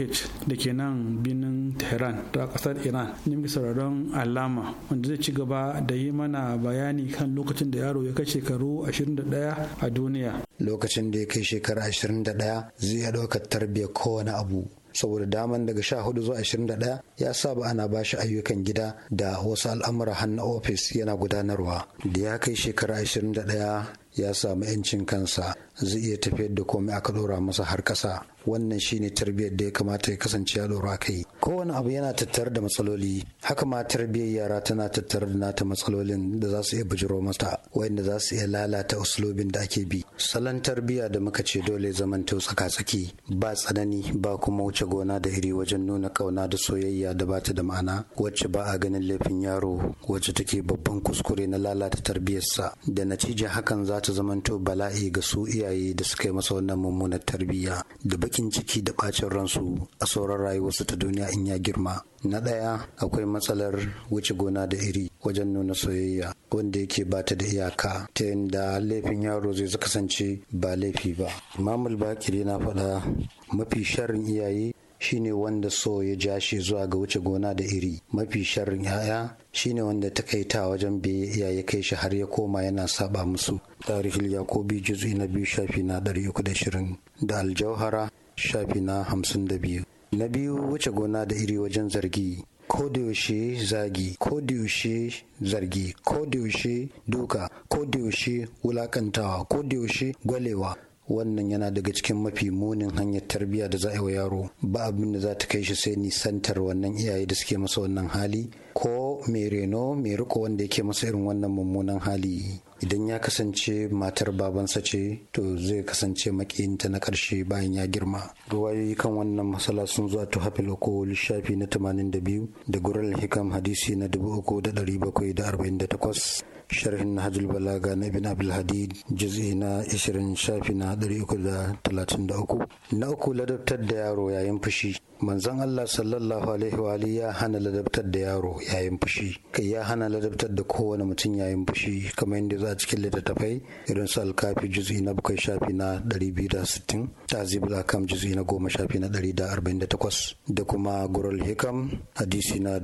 da ke nan binin Tehran ta kasar Iran ne muke sauraron alama wanda zai ci gaba da yi mana bayani kan lokacin da yaro ya kai shekaru 21 a duniya. Lokacin da ya kai shekaru 21 zai ya ɗaukar tarbiyya kowane abu saboda daman daga sha hudu zuwa 21 ya saba ana ba shi ayyukan gida da wasu al'amura hannu ofis yana gudanarwa da ya kai shekara 21. ya samu 'yancin kansa zai iya tafiyar da komai aka dora masa har ƙasa wannan shine tarbiyyar da ya kamata ya kasance ya dora kai kowane abu yana tattare da matsaloli haka ma tarbiyyar yara tana tattare da nata matsalolin da za su iya bujiro mata wayanda za su iya lalata uslubin da ake bi salon tarbiyya da muka ce dole zaman ta tsaka-tsaki ba tsanani ba kuma wuce gona da iri wajen nuna kauna da soyayya da bata da ma'ana wacce ba a ganin laifin yaro wacce take babban kuskure na lalata tarbiyyarsa da natija hakan za ta ta zamanto bala'i ga su iyaye da suka yi masa wannan mummunan tarbiyya da bakin ciki da bacin ransu a sauran rayuwarsu ta duniya in ya girma na ɗaya akwai matsalar wuce gona da iri wajen nuna soyayya wanda yake bata da iyaka ta yadda laifin yaro zai kasance ba laifi ba mamul bakiri na faɗa mafi sharrin iyaye shine wanda so ya ja shi zuwa ga wuce gona da iri mafi sharrin yaya shine wanda ta kai ta wajen biye ya kai shi har ya koma yana saba musu tarihil yakobi juz'i na biyu shafi na 320 da aljauhara shafi na 52 na biyu wuce gona da iri wajen zargi ko da yaushe zagi ko da yaushe zargi ko da yaushe duka ko da yaushe wulakantawa ko da yaushe gwalewa wannan yana daga cikin mafi munin hanyar tarbiyya da za a yi wa yaro ba abin da za ta kai shi sai nisantar wannan iyaye da suke masa wannan hali ko mai reno mai riko wanda yake masa irin wannan mummunan hali idan ya kasance matar babansa ce to zai kasance makiyinta na karshe bayan ya girma ruwayoyi kan wannan masala sun zuwa a hafil okol lishafi na 82 da gurin hikam hadisi na 3748 شرحنا هذه البلاغة نبينا بالحديد جزئنا إشرين شافنا دريق الله تلاتين دعوكو نعوكو لدب تدعو يا ينفشي manzon Allah sallallahu alaihi wa ya hana ladabtar da yaro yayin fushi kai ya hana ladabtar da kowane mutum yayin fushi kamar yadda za a cikin littattafai irin su alkafi juz'i na bakwai shafi na 260 tazibul kam juz'i na goma shafi na 148 da kuma gural hikam hadisi na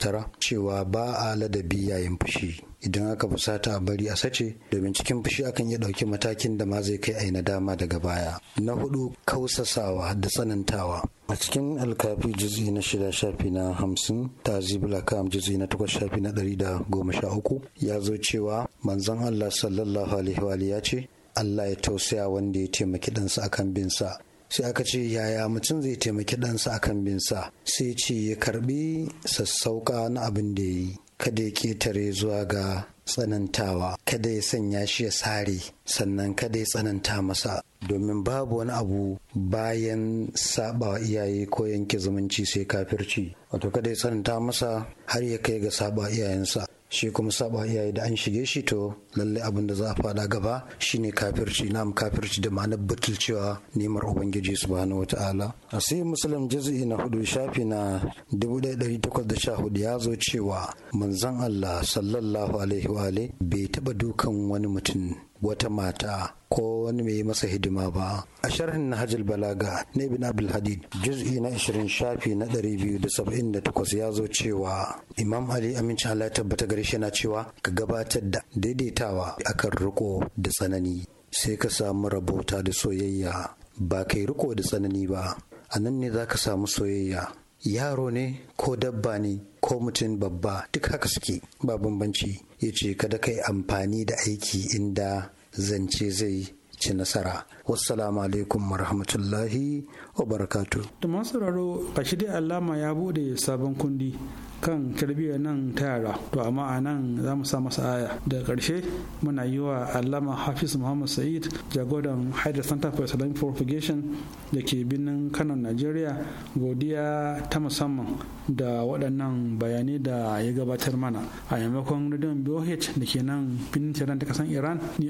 tara, cewa ba a ladabi yayin fushi idan aka fusata a bari a sace domin cikin fushi akan iya ɗauki matakin da ma zai kai a na dama daga baya na hudu kausasawa da tsanantawa a cikin alkafi jizi na shida shafi na hamsin tazibul akam jizi na takwas shafi na ɗari da goma sha uku ya zo cewa manzon allah sallallahu alaihi wa ya ce allah ya tausaya wanda ya taimaki ɗansa akan binsa sai aka ce yaya mutum zai taimaki ɗansa akan binsa sai ce ya karbi sassauka na abin da ya yi kada ya ƙetare zuwa ga tsanantawa kada ya sanya shi ya sare sannan kada ya tsananta masa domin babu wani abu bayan sabawa iyaye ko yanke zumunci sai kafirci wato kada ya tsananta masa har ya kai ga saba iyayensa shi kuma saba iyaye da an shige shi to lallai abin da za a fada gaba shine kafirci nam kafirci da ma'anar batulcewa nemar ubangiji subhanahu wataala a sai musulun juz'i na hudu shafi na 1814 ya zo cewa manzon Allah sallallahu alaihi wa bai taba dukan wani mutum wata mata ko wani mai masa hidima ba a sharhin na hajjal balaga na ibn abdulhadid juz'i na 20 shafi na 278 ya zo cewa imam ali aminci allah ya tabbata gare shi na cewa ka gabatar da daidaitawa akan riko da tsanani sai ka samu rabota da soyayya ba kai riko da tsanani ba a nan ne za ka samu soyayya yaro ne ko dabba ne ko mutum babba duk haka suke ba bambanci ya ce kada kai amfani da aiki inda zance zai ci nasara wassalamu alaikum wa rahmatullahi. wabarakatu. barakatu. Da masu sauraro a dai alama ya bude sabon kundi kan karbiya nan ta yara to amma a nan za mu sa masa aya da karshe muna yi wa alama hafiz muhammad sa'id jagoran hydra center for islamic propagation da ke birnin kano nigeria godiya ta musamman da waɗannan bayanai da ya gabatar mana a yammakon rediyon boh da ke nan birnin tehran ta kasan iran ni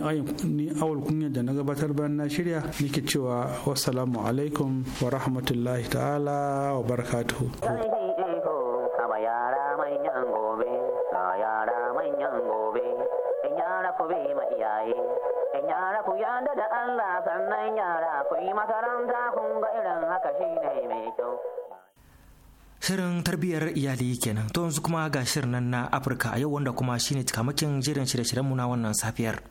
awal kunya da na gabatar bayan na shirya nake cewa wassalamu alaikum wa rahmatullahi ta'ala wa barakatuhu yara ku yada da Allah sannan yara ku yi makaranta kun ga irin haka shine mai kyau Shirin tarbiyyar iyali kenan to yanzu kuma ga shirin nan na Afirka a yau wanda kuma shine cikamakin jirin shirye-shiryenmu na wannan safiyar.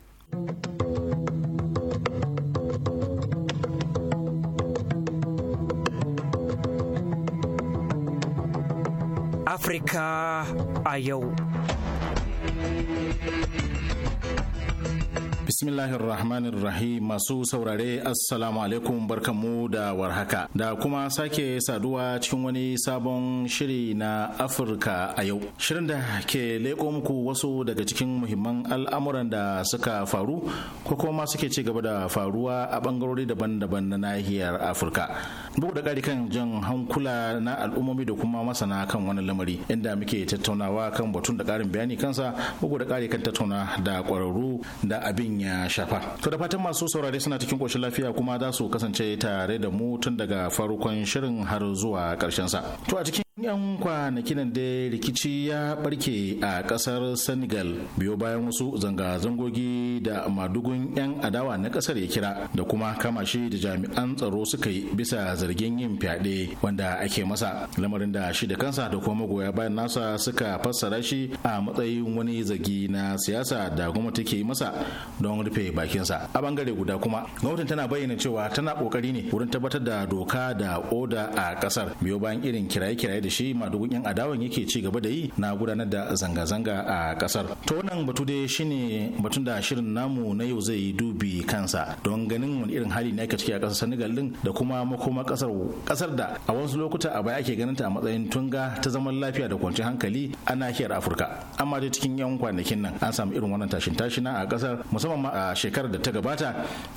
Afirka a yau. Bismillahirrahmanirrahim masu saurare assalamu alaikum barkanmu da warhaka da kuma sake saduwa cikin wani sabon shiri na Afirka a yau. Shirin da ke leko muku wasu daga cikin muhimman al'amuran da suka faru ko kuma suke ci gaba da faruwa a bangarori daban-daban na nahiyar Afirka. Bugu da ƙari kan jan hankula na al'ummomi da kuma masana kan wani lamari inda muke tattaunawa kan batun da ƙarin bayani kansa bugu da ƙari kan tattauna da ƙwararru da abin ya shafa to da fatan masu saurare suna cikin koshin lafiya kuma za su kasance tare da mu tun daga farkon shirin har zuwa karshen sa to a cikin yan kwanakin da rikici ya barke a kasar senegal biyo bayan wasu zanga-zangogi da madugun yan adawa na kasar ya kira da kuma kama shi da jami'an tsaro suka yi bisa zargin yin fyaɗe wanda ake masa lamarin da shi da kansa da kuma magoya bayan nasa suka fassara shi a matsayin wani zagi na siyasa da gwamnati ke masa don rufe bakinsa a bangare guda kuma gwamnatin tana bayyana cewa tana kokari ne wurin tabbatar da doka da oda a kasar biyo bayan irin kiraye-kiraye da shi madugun yan adawan yake ci gaba da yi na gudanar da zanga-zanga a kasar to wannan batu dai shine batun da shirin namu na yau zai dubi kansa don ganin wani irin hali ne ake ciki a kasar Senegal din da kuma makoma kasar kasar da a wasu lokuta a baya ake ganin ta a matsayin tunga ta zaman lafiya da kwanciyar hankali a nahiyar Afirka amma dai cikin yan kwanakin nan an samu irin wannan tashin tashina a kasar musamman a shekarar da ta gabata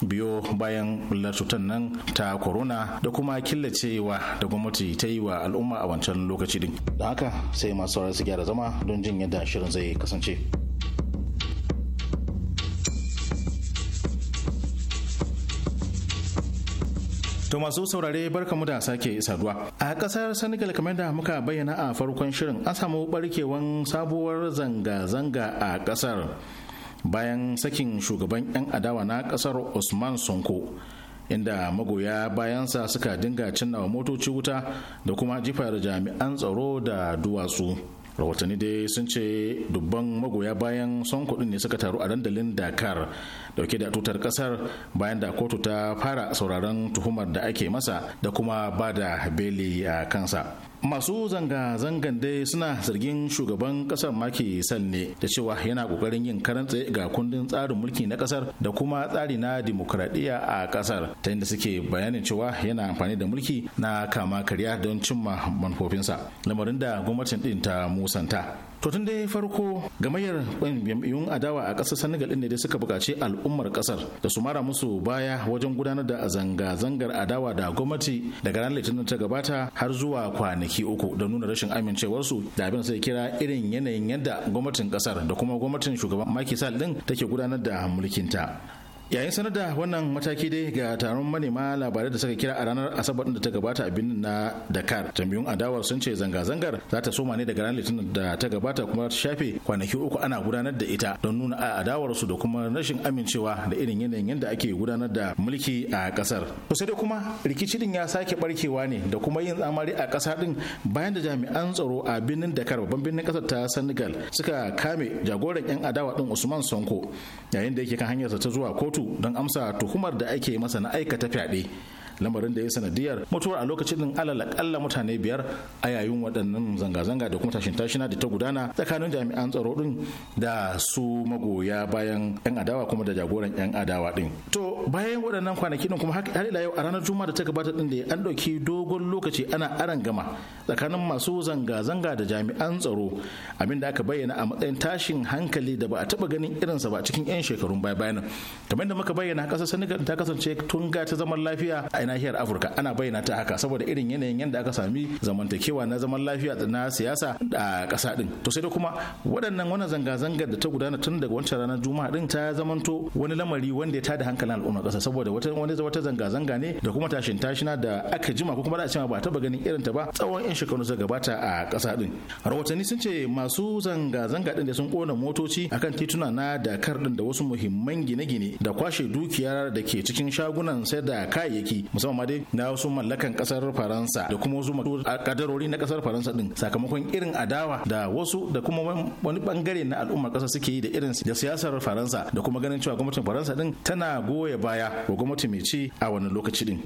biyo bayan bullar cutar nan ta corona da kuma killacewa da gwamnati ta yi wa al'umma a wancan wancan lokaci din da haka sai masu saurari su gyara zama don jin yadda shirin zai kasance To masu saurare barka mu da sake saduwa. A kasar Senegal kamar da muka bayyana a farkon shirin an samu barkewan sabuwar zanga-zanga a kasar bayan sakin shugaban 'yan adawa na kasar Usman Sonko. inda magoya bayansa suka dinga cinna wa motoci wuta da kuma jifar jami'an tsaro da duwatsu rahotanni dai sun ce dubban magoya bayan son kudin ne suka taru a dandalin dakar dauke da tutar kasar bayan da kotu ta fara sauraron tuhumar da ake masa da kuma bada beli a kansa masu zanga-zangan dai suna zargin shugaban kasar maki sal ne da cewa yana kokarin yin karan tsaye ga kundin tsarin mulki na kasar da kuma tsari na dimokuraɗiyya a kasar ta inda suke bayanin cewa yana amfani da mulki na kama karya don cimma manufofinsa lamarin da gwamnatin ɗin ta musanta to tun dai farko gamayyar jam'iyyun adawa a ƙasar senegal ɗin ne dai suka buƙaci al'ummar ƙasar da su mara musu baya wajen gudanar da zanga-zangar adawa da gwamnati daga ranar litinin ta gabata har zuwa kwanaki uku da nuna rashin amincewarsu da abin sai kira irin yanayin yadda gwamnatin ƙasar da kuma gwamnatin shugaban Macky Sall ɗin take gudanar da mulkinta yayin sanar da wannan mataki dai ga taron manema labarai da suka kira a ranar asabar da ta gabata a birnin na dakar jami'un adawar sun ce zanga-zangar za ta soma ne daga ranar litinin da ta gabata kuma ta shafe kwanaki uku ana gudanar da ita don nuna a adawarsu da kuma rashin amincewa da irin yanayin yadda ake gudanar da mulki a kasar kusa sai dai kuma rikici din ya sake barkewa ne da kuma yin tsamari a kasa din bayan da jami'an tsaro a birnin dakar babban birnin kasar ta senegal suka kame jagoran yan adawa din usman sonko yayin da yake kan hanyarsa ta zuwa kotu don amsa tuhumar da ake masa na aikata fyaɗe lamarin da ya sanadiyar mutuwar a lokacin din alal akalla mutane biyar a yayin waɗannan zanga-zanga da kuma tashin tashina da ta gudana tsakanin jami'an tsaro din da su magoya bayan yan adawa kuma da jagoran yan adawa din to bayan waɗannan kwanaki din kuma har ila yau a ranar juma'a da ta gabata din da an ɗauki dogon lokaci ana aran gama tsakanin masu zanga-zanga da jami'an tsaro abin da aka bayyana a matsayin tashin hankali da ba a taɓa ganin irinsa ba cikin 'yan shekarun baya-bayan kamar da muka bayyana ƙasar senegal ta kasance tun ga ta zaman lafiya a nahiyar afirka ana bayyana ta haka saboda irin yanayin yadda aka sami zamantakewa na zaman lafiya na siyasa a ƙasa din to sai da kuma waɗannan wani zanga-zangar da ta gudana tun daga wancan ranar juma'a din ta zamanto wani lamari wanda ya tada hankalin al'umma ƙasa saboda wata wani wata zanga-zanga ne da kuma tashin tashina da aka jima ko kuma da a cewa ba taba ganin irin ta ba tsawon yan shekaru da gabata a ƙasa din rahotanni sun ce masu zanga-zanga din da sun kona motoci akan tituna na Dakar din da wasu muhimman gine-gine da kwashe dukiyar da ke cikin shagunan sayar da kayayyaki musamman ma dai na wasu mallakan kasar faransa da kuma wasu kadarori na kasar faransa din sakamakon irin adawa da wasu da kuma wani bangare na al'ummar kasa suke yi da irin da siyasar faransa da kuma ganin cewa gwamnatin faransa din tana goya baya wa gwamnati mai ci a wani lokaci din.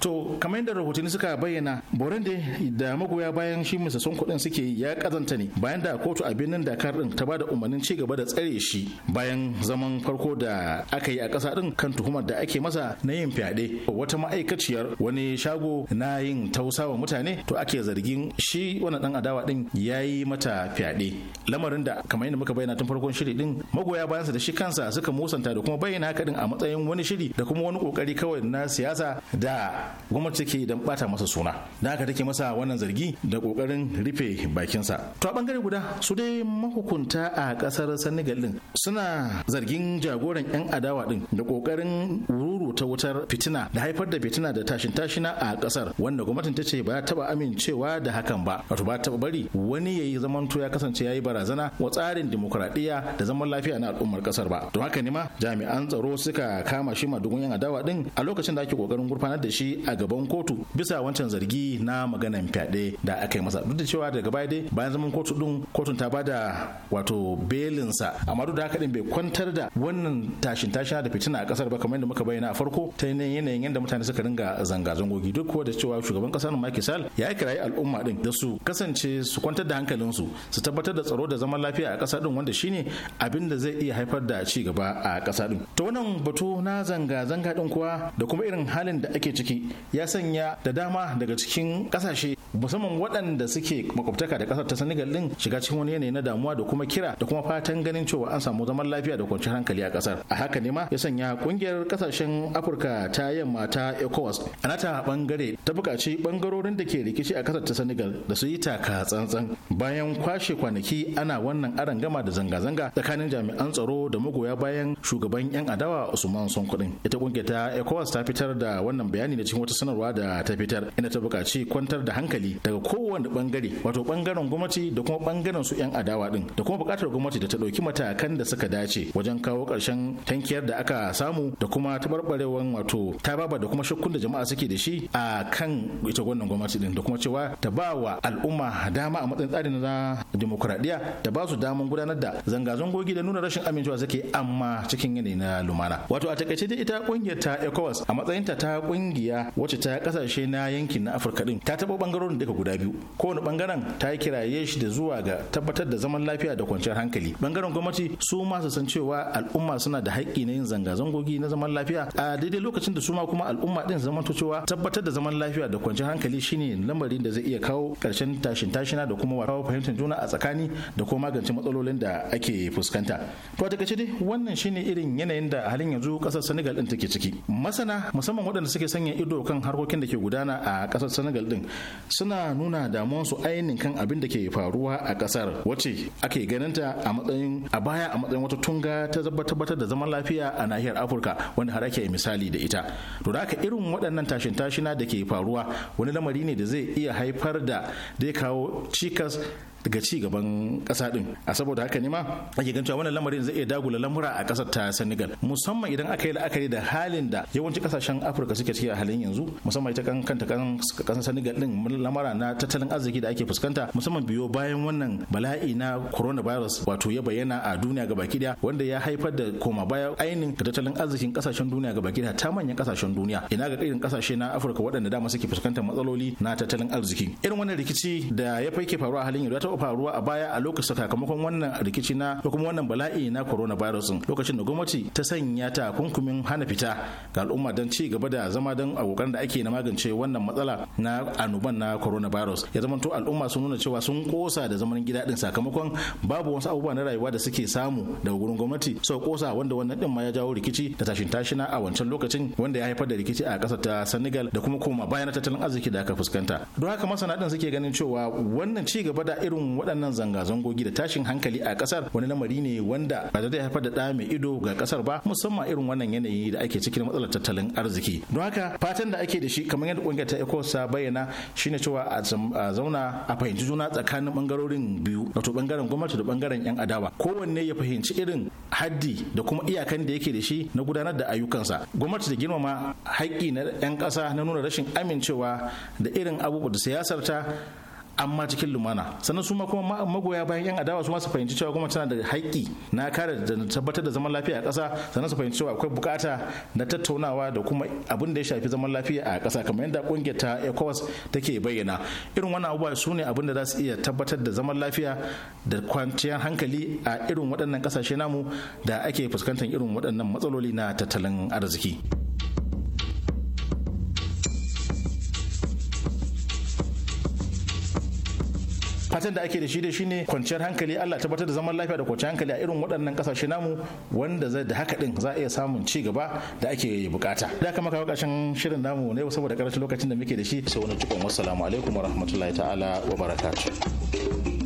to kamar yadda rahotanni suka bayyana borin da magoya bayan shi musassun kuɗin suke ya kazanta ne bayan da kotu a birnin dakar din ta bada umarnin ci gaba da tsare shi bayan zaman farko da aka yi a ƙasa din kan tuhumar da ake masa na yin fyaɗe wata ma'aikaciyar wani shago na yin tausawa mutane to ake zargin shi wannan dan adawa din ya yi mata fyaɗe lamarin da kamar yadda muka bayyana tun farkon shiri din magoya bayansa da shi kansa suka musanta da kuma bayyana haka din a matsayin wani shiri da kuma wani kokari kawai na siyasa da gwamnati take don bata masa suna da haka take masa wannan zargi da kokarin rufe bakinsa to a bangare guda su dai mahukunta a kasar senegal din suna zargin jagoran yan adawa din da kokarin ruru ta wutar fitina da haifar da fitina da tashin tashina a kasar wanda gwamnatin ta ce ba taba amincewa da hakan ba wato ba ta bari wani yayi zamanto ya kasance yayi barazana wa tsarin demokradiya da zaman lafiya na al'ummar kasar ba don haka ne ma jami'an tsaro suka kama shi madugun yan adawa din a lokacin da ake kokarin gurfanar da shi a gaban kotu bisa wancan zargi na maganan fyaɗe da aka yi masa duk da cewa daga baya dai bayan zaman kotu din kotun ta bada wato belinsa amma duk da haka din bai kwantar da wannan tashin tashin da fitina a kasar ba kamar yadda muka bayyana a farko ta yanayin yadda mutane suka dinga zanga zangogi duk kuwa da cewa shugaban kasar Macky Sall ya kirayi al'umma din da su kasance su kwantar da hankalinsu su su tabbatar da tsaro da zaman lafiya a kasa din wanda shine abin da zai iya haifar da ci gaba a kasa din to wannan batu na zanga zanga din kuwa da kuma irin halin da ake ciki ya sanya da dama daga cikin kasashe musamman waɗanda suke makwabtaka da ƙasar ta Senegal din shiga cikin wani yanayi na damuwa da kuma kira da kuma fatan ganin cewa an samu zaman lafiya da kwanciyar hankali a ƙasar. A haka ne ma ya sanya ƙungiyar ƙasashen Afirka ta yamma ta ECOWAS a nata bangare ta buƙaci bangarorin da ke rikici a ƙasar ta Senegal da su yi taka tsantsan bayan kwashe kwanaki ana wannan arangama da zanga-zanga tsakanin jami'an tsaro da magoya bayan shugaban 'yan adawa Usman Sonkudin. Ita ƙungiyar ta ECOWAS ta fitar da wannan bayani na cikin cikin wata sanarwa da ta fitar ina ta buƙaci kwantar da hankali daga kowane bangare wato bangaren gwamnati da kuma bangaren su 'yan adawa din da kuma buƙatar gwamnati da ta ɗauki matakan da suka dace wajen kawo ƙarshen tankiyar da aka samu da kuma tabarbarewan wato tababa da kuma shakkun da jama'a suke da shi a kan ita wannan gwamnati din da kuma cewa ta ba wa al'umma dama a matsayin tsarin na demokuraɗiyya da ba su damar gudanar da zanga-zangogi da nuna rashin amincewa suke amma cikin yanayi na lumana wato a takaice dai ita kungiyar ta ecowas a matsayinta ta ƙungiya. Wace wacce ta kasashe na yankin na afirka din ta taɓa bangarorin duka guda biyu kowane bangaren ta kiraye shi da zuwa ga tabbatar da zaman lafiya da kwanciyar hankali bangaren gwamnati su ma su san cewa al'umma suna da haƙƙi na yin zanga-zangogi na zaman lafiya a daidai lokacin da su ma kuma al'umma din zaman to cewa tabbatar da zaman lafiya da kwanciyar hankali shine lamarin da zai iya kawo ƙarshen tashin tashina da kuma kawo fahimtar juna a tsakani da kuma magance matsalolin da ake fuskanta to a takaice dai wannan shine irin yanayin da halin yanzu ƙasar Senegal din take ciki masana musamman waɗanda suke sanya ido ido kan harkokin da ke gudana a kasar senegal din suna nuna damuwansu ainihin kan abin da ke faruwa a kasar wacce ake ganinta a matsayin a baya a matsayin wata tunga ta tabbatar da zaman lafiya a nahiyar afirka wanda har ake misali da ita to da haka irin waɗannan tashin tashina da ke faruwa wani lamari ne da zai iya haifar da zai kawo cikas ga ci gaban kasa din a saboda haka ne ma ake gan cewa wannan lamarin zai iya dagula lamura a ƙasar ta Senegal musamman idan aka yi la'akari da halin da yawancin kasashen Afirka suke ciki a halin yanzu musamman ita kan kanta kan Senegal din lamara na tattalin arziki da ake fuskanta musamman biyo bayan wannan bala'i na coronavirus wato ya bayyana a duniya gaba daya wanda ya haifar da koma baya ainihin da tattalin arzikin ƙasashen duniya gaba daya ta manyan ƙasashen duniya ina ga irin kasashe na Afirka waɗanda dama suke fuskantar matsaloli na tattalin arziki irin wannan rikici da ya fai a halin yanzu ya faruwa a baya a lokacin sakamakon wannan rikici na ko kuma wannan bala'i na coronavirus lokacin da gwamnati ta sanya ta kunkumin hana fita ga al'umma don ci gaba da zama don abokan da ake na magance wannan matsala na annoban na coronavirus ya zama to al'umma sun nuna cewa sun kosa da zaman gida din sakamakon babu wasu abubuwa na rayuwa da suke samu da gurin gwamnati so kosa wanda wannan din ma ya jawo rikici da tashin tashina a wancan lokacin wanda ya haifar da rikici a kasar ta Senegal da kuma koma bayan tattalin arziki da aka fuskanta don haka masana din suke ganin cewa wannan ci gaba da irin irin waɗannan zanga-zangogi da tashin hankali a ƙasar wani lamari ne wanda ba zai haifar da ɗa mai ido ga ƙasar ba musamman irin wannan yanayi da ake cikin matsalar tattalin arziki don haka fatan da ake da shi kamar yadda ƙungiyar ta ecos ta bayyana shine cewa a zauna a fahimci juna tsakanin bangarorin biyu wato bangaren gwamnati da bangaren yan adawa kowanne ya fahimci irin haddi da kuma iyakan da yake da shi na gudanar da ayyukansa gwamnati da girmama haƙƙi na yan ƙasa na nuna rashin amincewa da irin abubuwa da siyasar amma cikin lumana sannan su ma kuma magoya bayan yan adawa su ma su fahimci cewa gwamnati tana da haƙƙi na kare da tabbatar da zaman lafiya a ƙasa sannan su fahimci cewa akwai bukata na tattaunawa da kuma abin da ya shafi zaman lafiya a ƙasa kamar yadda ƙungiyar ta ECOWAS take bayyana irin wannan abubuwa su ne abin da za su iya tabbatar da zaman lafiya da kwanciyar hankali a irin waɗannan ƙasashe namu da ake fuskantar irin waɗannan matsaloli na tattalin arziki. fatan da ake da shi da shi ne kwanciyar hankali Allah tabbatar da zaman lafiya da kwanciyar hankali a irin waɗannan kasashe namu wanda zai da haka din za a iya samun ci gaba da ake bukata da kama kawo ƙarshen shirin namu ne saboda ƙarshen lokacin da muke da shi sai wani cikon wassalamu alaikum warahmatullahi ta'ala wa barakatuh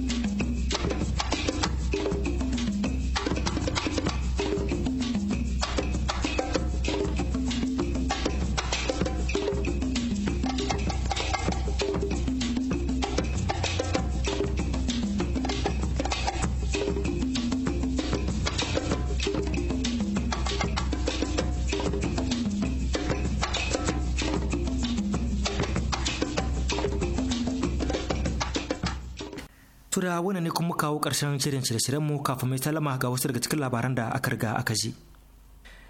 da wani ne kuma kawo ƙarshen shirin shirye-shiryen mu kafin mai salama ga wasu daga cikin labaran da aka riga aka ji.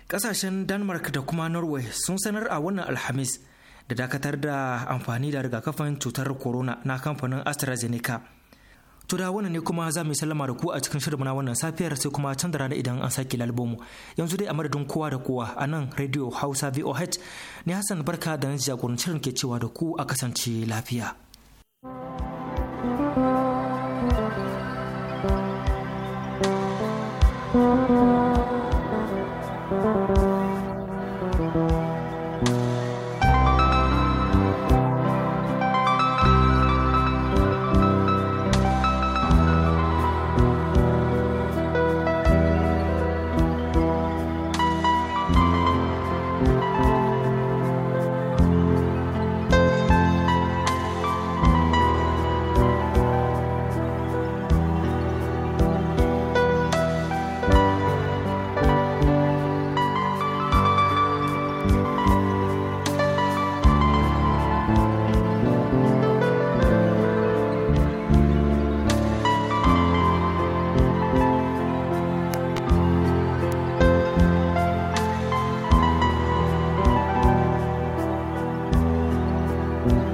Ƙasashen Denmark da kuma Norway sun sanar a wannan Alhamis da dakatar da amfani da rigakafin cutar corona na kamfanin AstraZeneca. To da wannan ne kuma za mu sallama da ku a cikin shirin na wannan safiyar sai kuma can da rana idan an sake lalbomu. Yanzu dai a madadin kowa da kowa a nan Radio Hausa VOH ne Hassan Barka da na shirin ke cewa da ku a kasance lafiya. Thank you.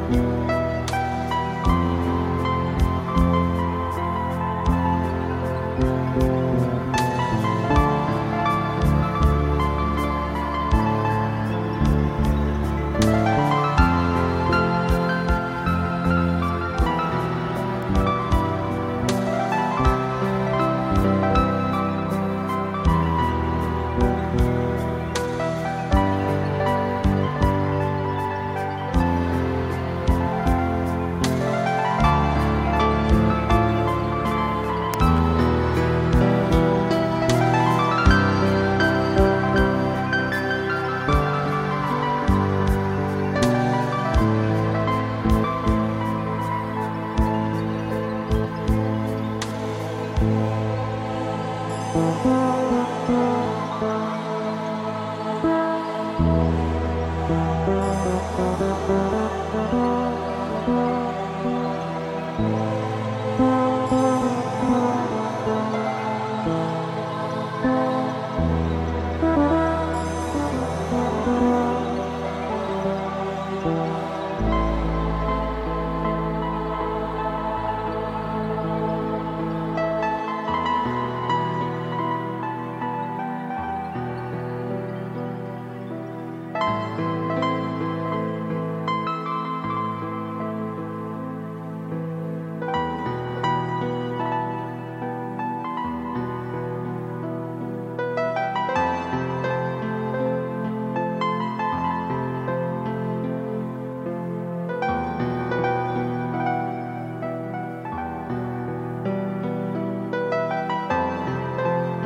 Thank you.